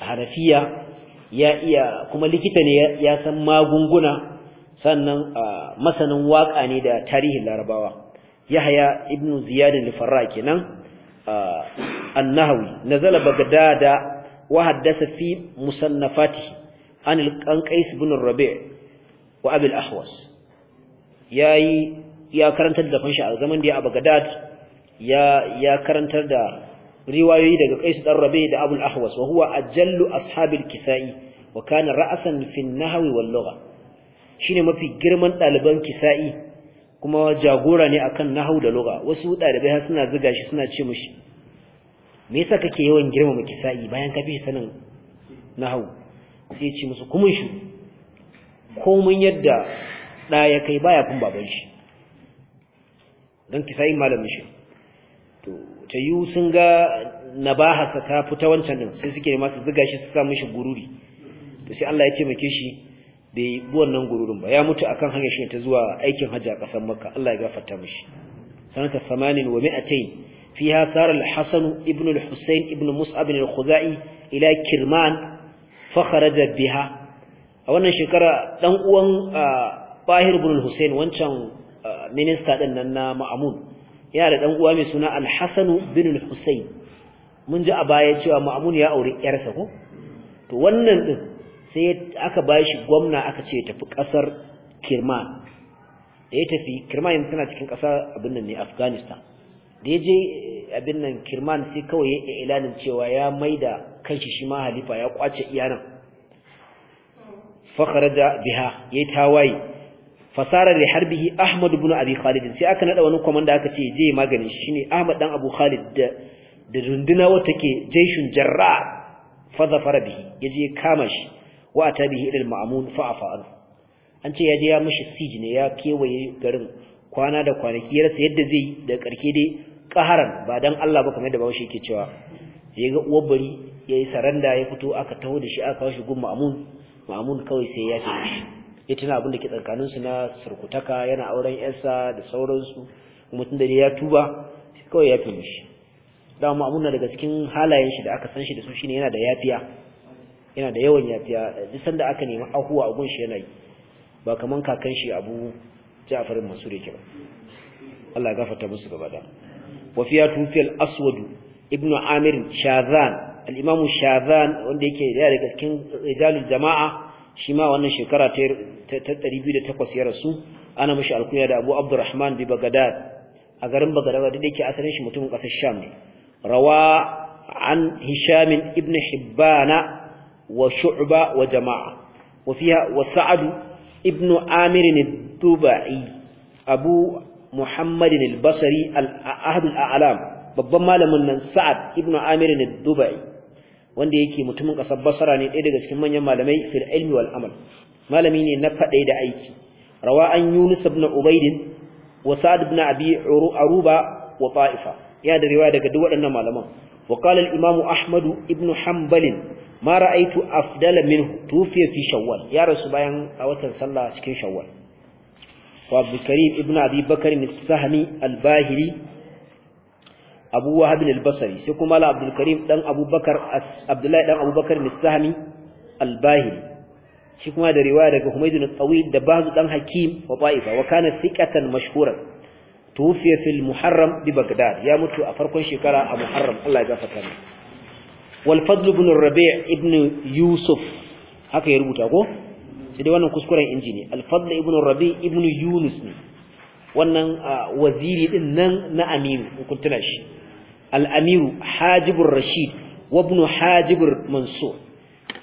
harafiya ya iya kuma likita ne ya san magunguna sannan masanin waka ne da tarihin larabawa yahya ibn ziyad al-farra kenan annahawi nazala bagdada wa haddatha fi musannafatihi an al-qanqais ibn rabi' wa abi al-ahwas yayi ya karantar da fanshi a zaman da ya bagdad ya ya karantar da riwayoyi daga qais ɗan rabi' da abul ahwas wa huwa ajallu ashabil kisai wa kana ra'san fi an-nahwi wal-lugha shine mafi girman ɗaliban kisa'i kuma jagora ne akan nahau da lugha wasu ɗalibai har suna ziga shi suna ce mushi me yasa kake yawan girmama kisa'i bayan ka fi sanin nahau sai ce musu kuma shi komun yadda da ya kai baya kun baban shi dan kisa'i malamin shi to ta yu sun ga na nabahasa ta fita wancan din sai suke masu ziga shi su sa shi gururi to sai Allah ya taimake shi bai bi wannan gururin ba ya mutu akan hanyar shi ta zuwa aikin hajji a ƙasar makka Allah ya gafarta mishi sanata 80 wa 200 fiha sar al-hasan ibn al-husayn ibn mus'ab al-khuzai ila kirman fa kharaja biha a wannan shekara dan uwan bahir ibn al-husayn wancan minista din nan na ma'mun yana da dan uwa mai suna al-hasan ibn al-husayn mun ji a baya cewa ma'mun ya aure yarsa ko to wannan din sai aka bashi gwamna aka ce tafi kasar Kirman da ya tafi Kirman tana cikin kasa abin nan ne Afghanistan da ya je abin nan Kirman sai kawai ya ilanin cewa ya maida kanshi shi ma halifa ya kwace iyanan fakharaja biha yayi tawayi fasara li harbihi Ahmad ibn Abi Khalid sai aka nada wani komanda aka ce je magani shi ne Ahmad dan Abu Khalid da da runduna wata ke jeshun jarra fa zafara bihi yaje kama shi wa ta bihi ilal ma'mun fa an ce ya je ya mishi siege ne ya kewaye garin kwana da kwanaki ya rasa yadda zai da karke dai kaharan ba dan Allah ba kamar yadda ba shi ke cewa ya ga uwar bari yayi saranda ya fito aka taho da shi aka kawo shi gun ma'mun ma'mun kawai sai ya tafi ya tuna abin da ke tsakanin su na surkutaka yana auren yarsa da sauransu kuma tun da ya tuba kawai ya tafi shi da ma'mun daga cikin halayen shi da aka san shi da su shine yana da yafiya yana da yawan yafiya duk sanda aka nemi ahuwa a gun shi yana yi ba kaman kakan shi Abu Ja'far Mansur yake ba Allah ya gafarta musu gaba da wa fiya tufiyal aswad ibn amir Shazan, al-imam shazan wanda yake da daga cikin rijalul jama'a shi ma wannan shekara ta 208 ya rasu ana mishi alkunya da Abu Abdurrahman bi Baghdad a garin Baghdad da yake asalin shi mutumin kasar Sham ne rawa an Hisham ibn Hibbana وشعبة وجماعة وفيها وسعد ابن عامر الدبعي أبو محمد البصري أحد الأعلام babban malamin nan Sa'ad ibn Amir al-Dubai wanda yake mutumin kasar basara ne ɗaya daga cikin manyan malamai fil ilmi wal amal malami ne na fadai da aiki rawa an Yunus ibn ubaidin wa Sa'ad ibn Abi Aruba wa Ta'ifa ya da riwaya daga duk waɗannan malaman wa qala al-Imam Ahmad ibn Hanbal ma ra'aitu afdala minhu tufiya fi shawwal ya rasu bayan a watan sallah cikin shawwal wa abdulkarim ibnu abi bakr min sahmi al-bahiri abu wahab al-basri sai kuma la abdulkarim dan abubakar abdullahi dan abubakar min sahmi al-bahiri shi kuma da riwaya daga humayd bin tawil da bazu dan hakim wa ta'ifa wa kana thiqatan mashhuran tufiya fil muharram bi bagdad ya mutu a farkon shekara a muharram Allah ya gafarta masa wal fadl ibn rabi' ibn yusuf haka ya rubuta ko sai dai wannan kuskuren inji ne al ibn rabi' ibn yunus ne wannan waziri din nan na aminu in kun tuna shi al amiru hajibur rashid wa ibn hajibur mansur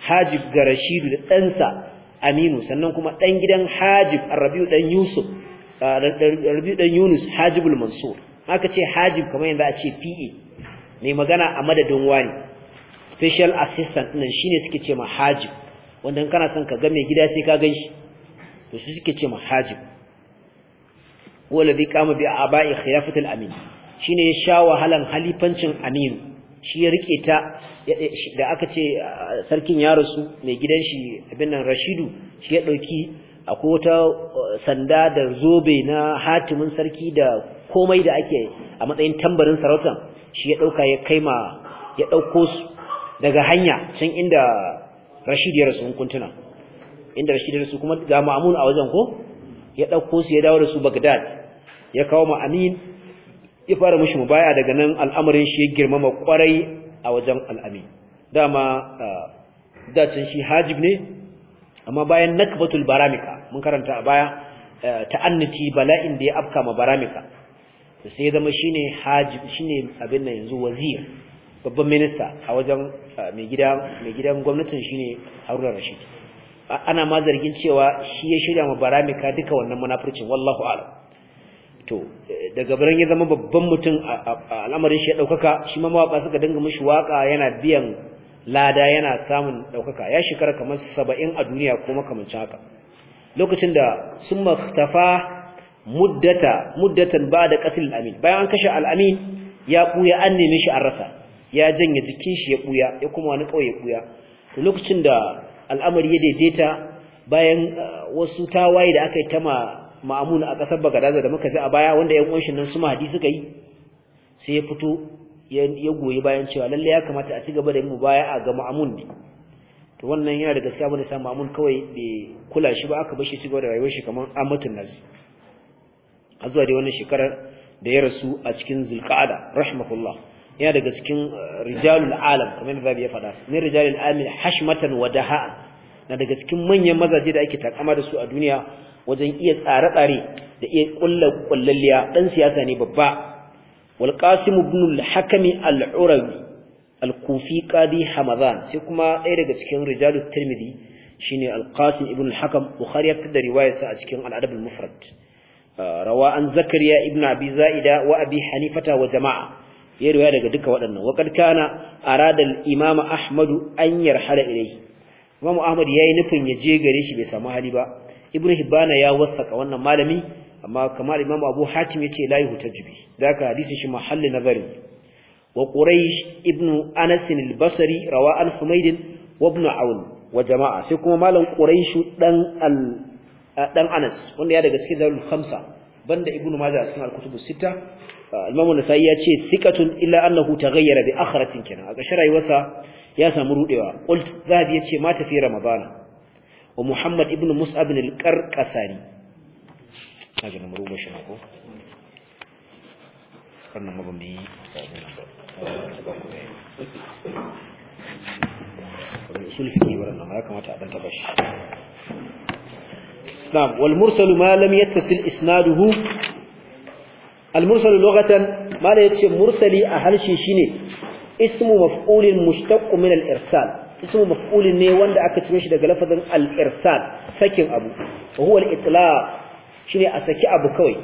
hajib ga Rashid da ɗansa aminu sannan kuma ɗan gidan hajib rabi'u ɗan yusuf rabi'u ɗan yunus hajibul mansur aka ce hajib kamar yadda a ce fi'e mai magana a madadin wani special assistant nan shine suke ce ma hajib wanda kana son ka ga mai gida sai ka gan shi to shi suke ce ma hajib wala bi kama bi aba'i khilafatul amin shine ya sha wahalan halifancin aminu shi ya rike ta da aka ce sarkin ya rasu mai gidan shi abin nan rashidu shi ya dauki akwai wata uh, sanda da zobe na hatimin sarki da komai da ake a matsayin tambarin sarauta shi ya dauka ya kaima ya dauko su daga hanya can inda Rashid ya rasu kuntuna inda Rashid ya rasu kuma ga Ma'mun a wajen ko ya ɗauko su ya dawo da su Bagdad ya kawo ma Amin ya fara mushi baya daga nan al'amarin shi ya girmama kwarai a wajen al'amin dama dacin shi hajib ne amma bayan nakbatul baramika mun karanta a baya ta'annati bala'in da ya afka ma baramika sai ya zama shine hajib abin nan yanzu wazir babban minista a wajen mai gidan gwamnatin shine Haruna Rashid ana ma zargin cewa shi ya shirya ma baramika duka wannan munafurcin wallahu a'lam to daga baran ya zama babban mutum a al'amarin shi ya daukaka shi ma mawaka suka dinga mishi waka yana biyan lada yana samun daukaka ya shekara kamar 70 a duniya ko makamancin haka lokacin da summa tafa muddata muddatan ba'da qatl al-amin bayan an kashe al-amin ya buya an nemi shi an rasa ya janye jikin shi ya buya ya kuma wani kawai ya buya to lokacin da al'amari ya daidaita bayan uh, wasu tawaye da aka yi ta ma'amun a kasar Bagadaza da muka ji a baya wanda yan uwan nan su mahadi suka yi sai ya fito ya goyi bayan cewa lalle ya kamata a ci gaba da yin a ga ma'amun ne to wannan yana da gaskiya bane sa ma'amun kawai bai kula shi ba aka bashi ci gaba da rayuwar shi kamar amatun nas a zuwa dai wannan shekarar da ya rasu a cikin zulqa'ada rahimahullah yana daga cikin eh, rijalul alam kamar da ya faɗa ne rijalul alam hashmatan wa daha'a na daga cikin manyan mazaje da ake takama da su a duniya wajen iya tsare-tsare da iya kulla kullalliya dan siyasa ne babba wal qasim ibn al hakami al urawi al kufi qadi hamadan sai kuma ɗaya daga cikin rijalul tirmidhi shine al qasim ibn al hakam bukhari ya tada riwayarsa a cikin al adab al mufrad eh, rawa an zakariya ibn abi zaida wa abi hanifata wa jama'a ya riwaya daga duka waɗannan wa kana arada al-imam ahmad an yarhala ilayhi imam ahmad yayi nufin ya je gare shi bai samu hali ba ibnu hibbana ya wasaka wannan malami amma kamar imam abu hatim yace la yuhtajibi daka hadisin shi mahalli nazari wa quraish ibn anas al-basri rawa al humayd wa ibn aun wa jama'a sai kuma malam quraish dan al dan anas wanda ya daga cikin darul khamsa banda Ibn majah cikin al-kutubus sita Imam Nasa'i ya ce thiqatun illa annahu taghayyara bi akhratin kenan a ƙarshen rayuwarsa ya samu rudewa qult zabi yace ma tafi ramadana wa Muhammad ibn Mus'ab ibn al-Qarqasani kaje na wannan ma ya kamata a dan taba na'am wal mursalu ma lam yattasil isnaduhu المرسل لغة ما لا يتشي مرسلي أهل شي شيني اسم مفعول مشتق من الإرسال اسم مفعول نيوان دا أكتمش دا قلفة الإرسال سكن أبو وهو الإطلاع شيني أسكي أبو كوي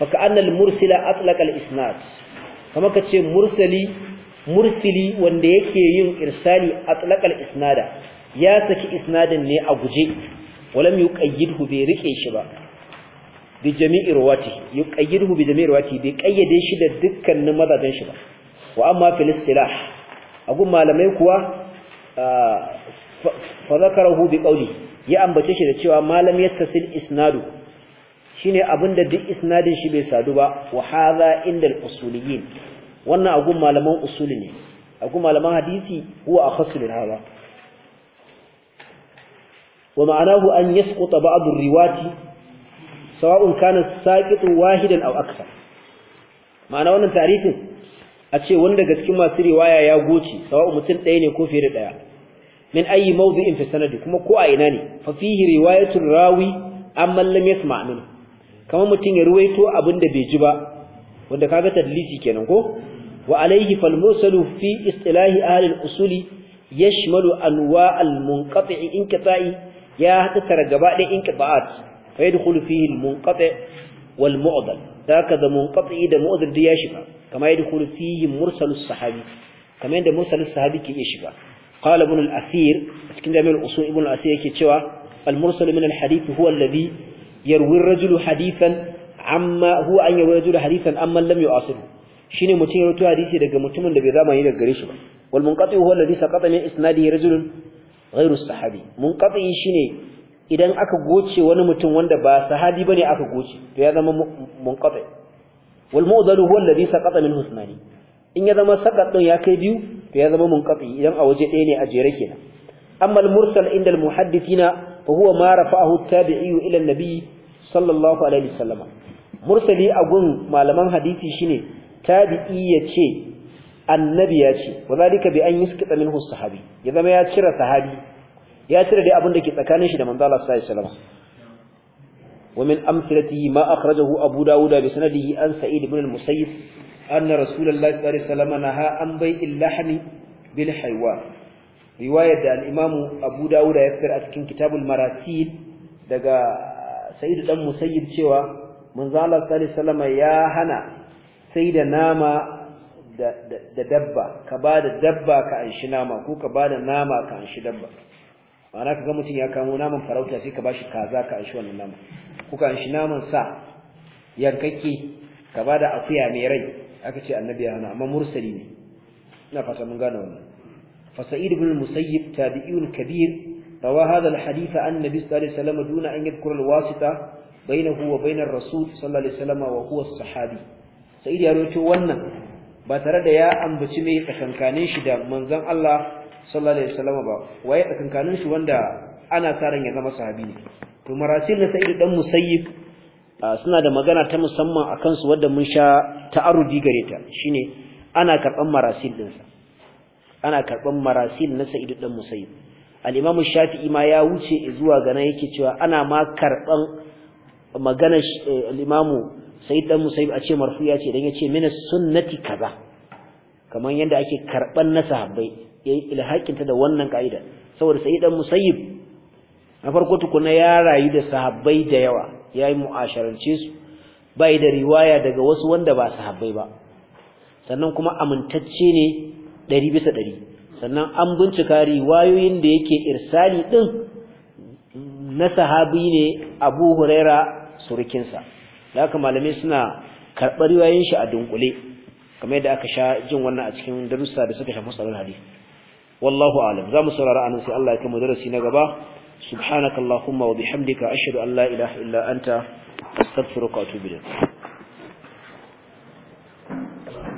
فكأن المرسل أطلق الإسناد فما كتشي مرسلي مرسلي وان ديكي يكيين إرسالي أطلق الإسناد يا سكي إسناد ني أبو جي ولم يقيده بريكي شبا bi jami'i ruwati yuqayyiduhu bi jami'i ruwati bi qayyade shi da dukkanin mazajin shi ba wa amma fil istilah agun malamai kuwa fa zakarahu bi qawli ya ambace shi da cewa malam yattasil isnadu shine abinda duk isnadin shi bai sadu ba wa hadha indal usuliyin wannan agun malaman usuli ne agun malaman hadisi huwa akhassu lil hada wa ma'anahu an yasquta ba'd ar-riwati sawa'un kana saqitu wahidan aw akthar ma'ana wannan tarihin? a ce wanda ga cikin masu riwaya ya goce sawa'un mutum ɗaya ne ko fiye da ɗaya min ayi mawdi'in fi sanadi kuma ko a ina ne fa fihi riwayatul rawi amma lam yasma' min kamar mutum ya ruwaito abinda bai ji ba wanda kaga tadlisi kenan ko wa alayhi fal mursalu fi istilahi ahli al-usuli yashmalu anwa' al-munqati' inqita'i ya hada gaba da inqita'at فيدخل فيه المنقطع والمعضل هكذا منقطع ده مؤذل دي يشفى كما يدخل فيه مرسل الصحابي كما يدخل مرسل الصحابي كي يشفى قال ابن الأثير اسكن جميع الأصول ابن الأثير كي تشوى المرسل من الحديث هو الذي يروي الرجل حديثا عما هو أن يروي الرجل حديثا أما لم يعاصره شيني متين يروي حديثي hadisi متمن mutumin da bai zamani daga gare shi ba wal munqati huwa alladhi saqata min isnadihi rajulun idan aka goce wani mutum wanda ba sahabi bane aka goce to ya zama munqati wal mu'dalu huwa alladhi saqata min husnani in ya zama saqat din ya kai biyu to ya zama munqati idan a waje ɗaya ne a jere kenan amma al mursal inda al muhaddithina fa huwa ma rafa'ahu tabii ila an-nabi sallallahu alaihi wasallam mursali a gun malaman hadisi shine tabi'i ya ce annabi ya ce wa bi an yusqita minhu sahabi ya zama ya cire sahabi ya cire dai abin da ke tsakanin shi da manzo Allah sallallahu alaihi wasallam wa min amsalatihi ma akhrajahu abu dawud bi sanadihi an sa'id ibn al-musayyib anna rasulullahi sallallahu alaihi wasallam naha an bai'il lahmi bil haywan riwayar da al-imam abu dawud ya fitar a cikin kitabul marasil daga sa'id dan musayyib cewa manzo Allah sallallahu alaihi wasallam ya hana sai da nama da dabba ka ba da dabba ka anshi nama ko ka ba da nama ka anshi dabba ma'ana kaga mutum ya kamo naman farauta sai ka bashi kaza ka anshi wannan naman kuka anshi naman sa yankakke ka bada akuya mai rai aka ce annabi ya hana amma mursali ne ina fata mun gane wannan fa sa'id ibn musayyib tabi'un kabir rawa hadha al-hadith an nabi sallallahu alaihi wasallam duna an yadhkura al-wasita bainahu wa bain ar-rasul sallallahu alaihi wasallam wa huwa as-sahabi sa'id ya rawaito wannan ba tare da ya ambaci mai tsakankanin shi da manzon Allah sallallahu alaihi wasallam ba waye tsakankanin shi wanda ana ran ya zama sahabi ne to marasil na sa'id dan musayyib suna da magana ta musamman akan su wanda mun sha ta'arudi gare ta shine ana karban marasil din sa ana karban marasil na sa'id dan musayyib al-imam shafi'i ma ya wuce zuwa ga nan yake cewa ana ma karban magana eh, al-imam sayyid dan musayyib a ce marfu ya ce dan yace min sunnati kaza kaman yanda ake karban na sahabbai yayi ilhakinta da wannan kaida saboda sai dan musayyib na farko tukuna ya rayu da sahabbai da yawa yayi mu'asharance su bai da riwaya daga wasu wanda ba sahabbai ba sannan kuma amintacce ne 100 bisa 100 sannan an bincika riwayoyin da yake irsali din na sahabi ne Abu Huraira surukinsa da haka malamai suna karɓar riwayoyin shi a dunkule kamar yadda aka sha jin wannan a cikin darussa da suka shafi matsalar hadisi wallahu alam zamu saurara anan sai Allah ya kama darasi na gaba subhanakallahumma wa bihamdika ashhadu an la ilaha illa anta astaghfiruka wa atubu ilayk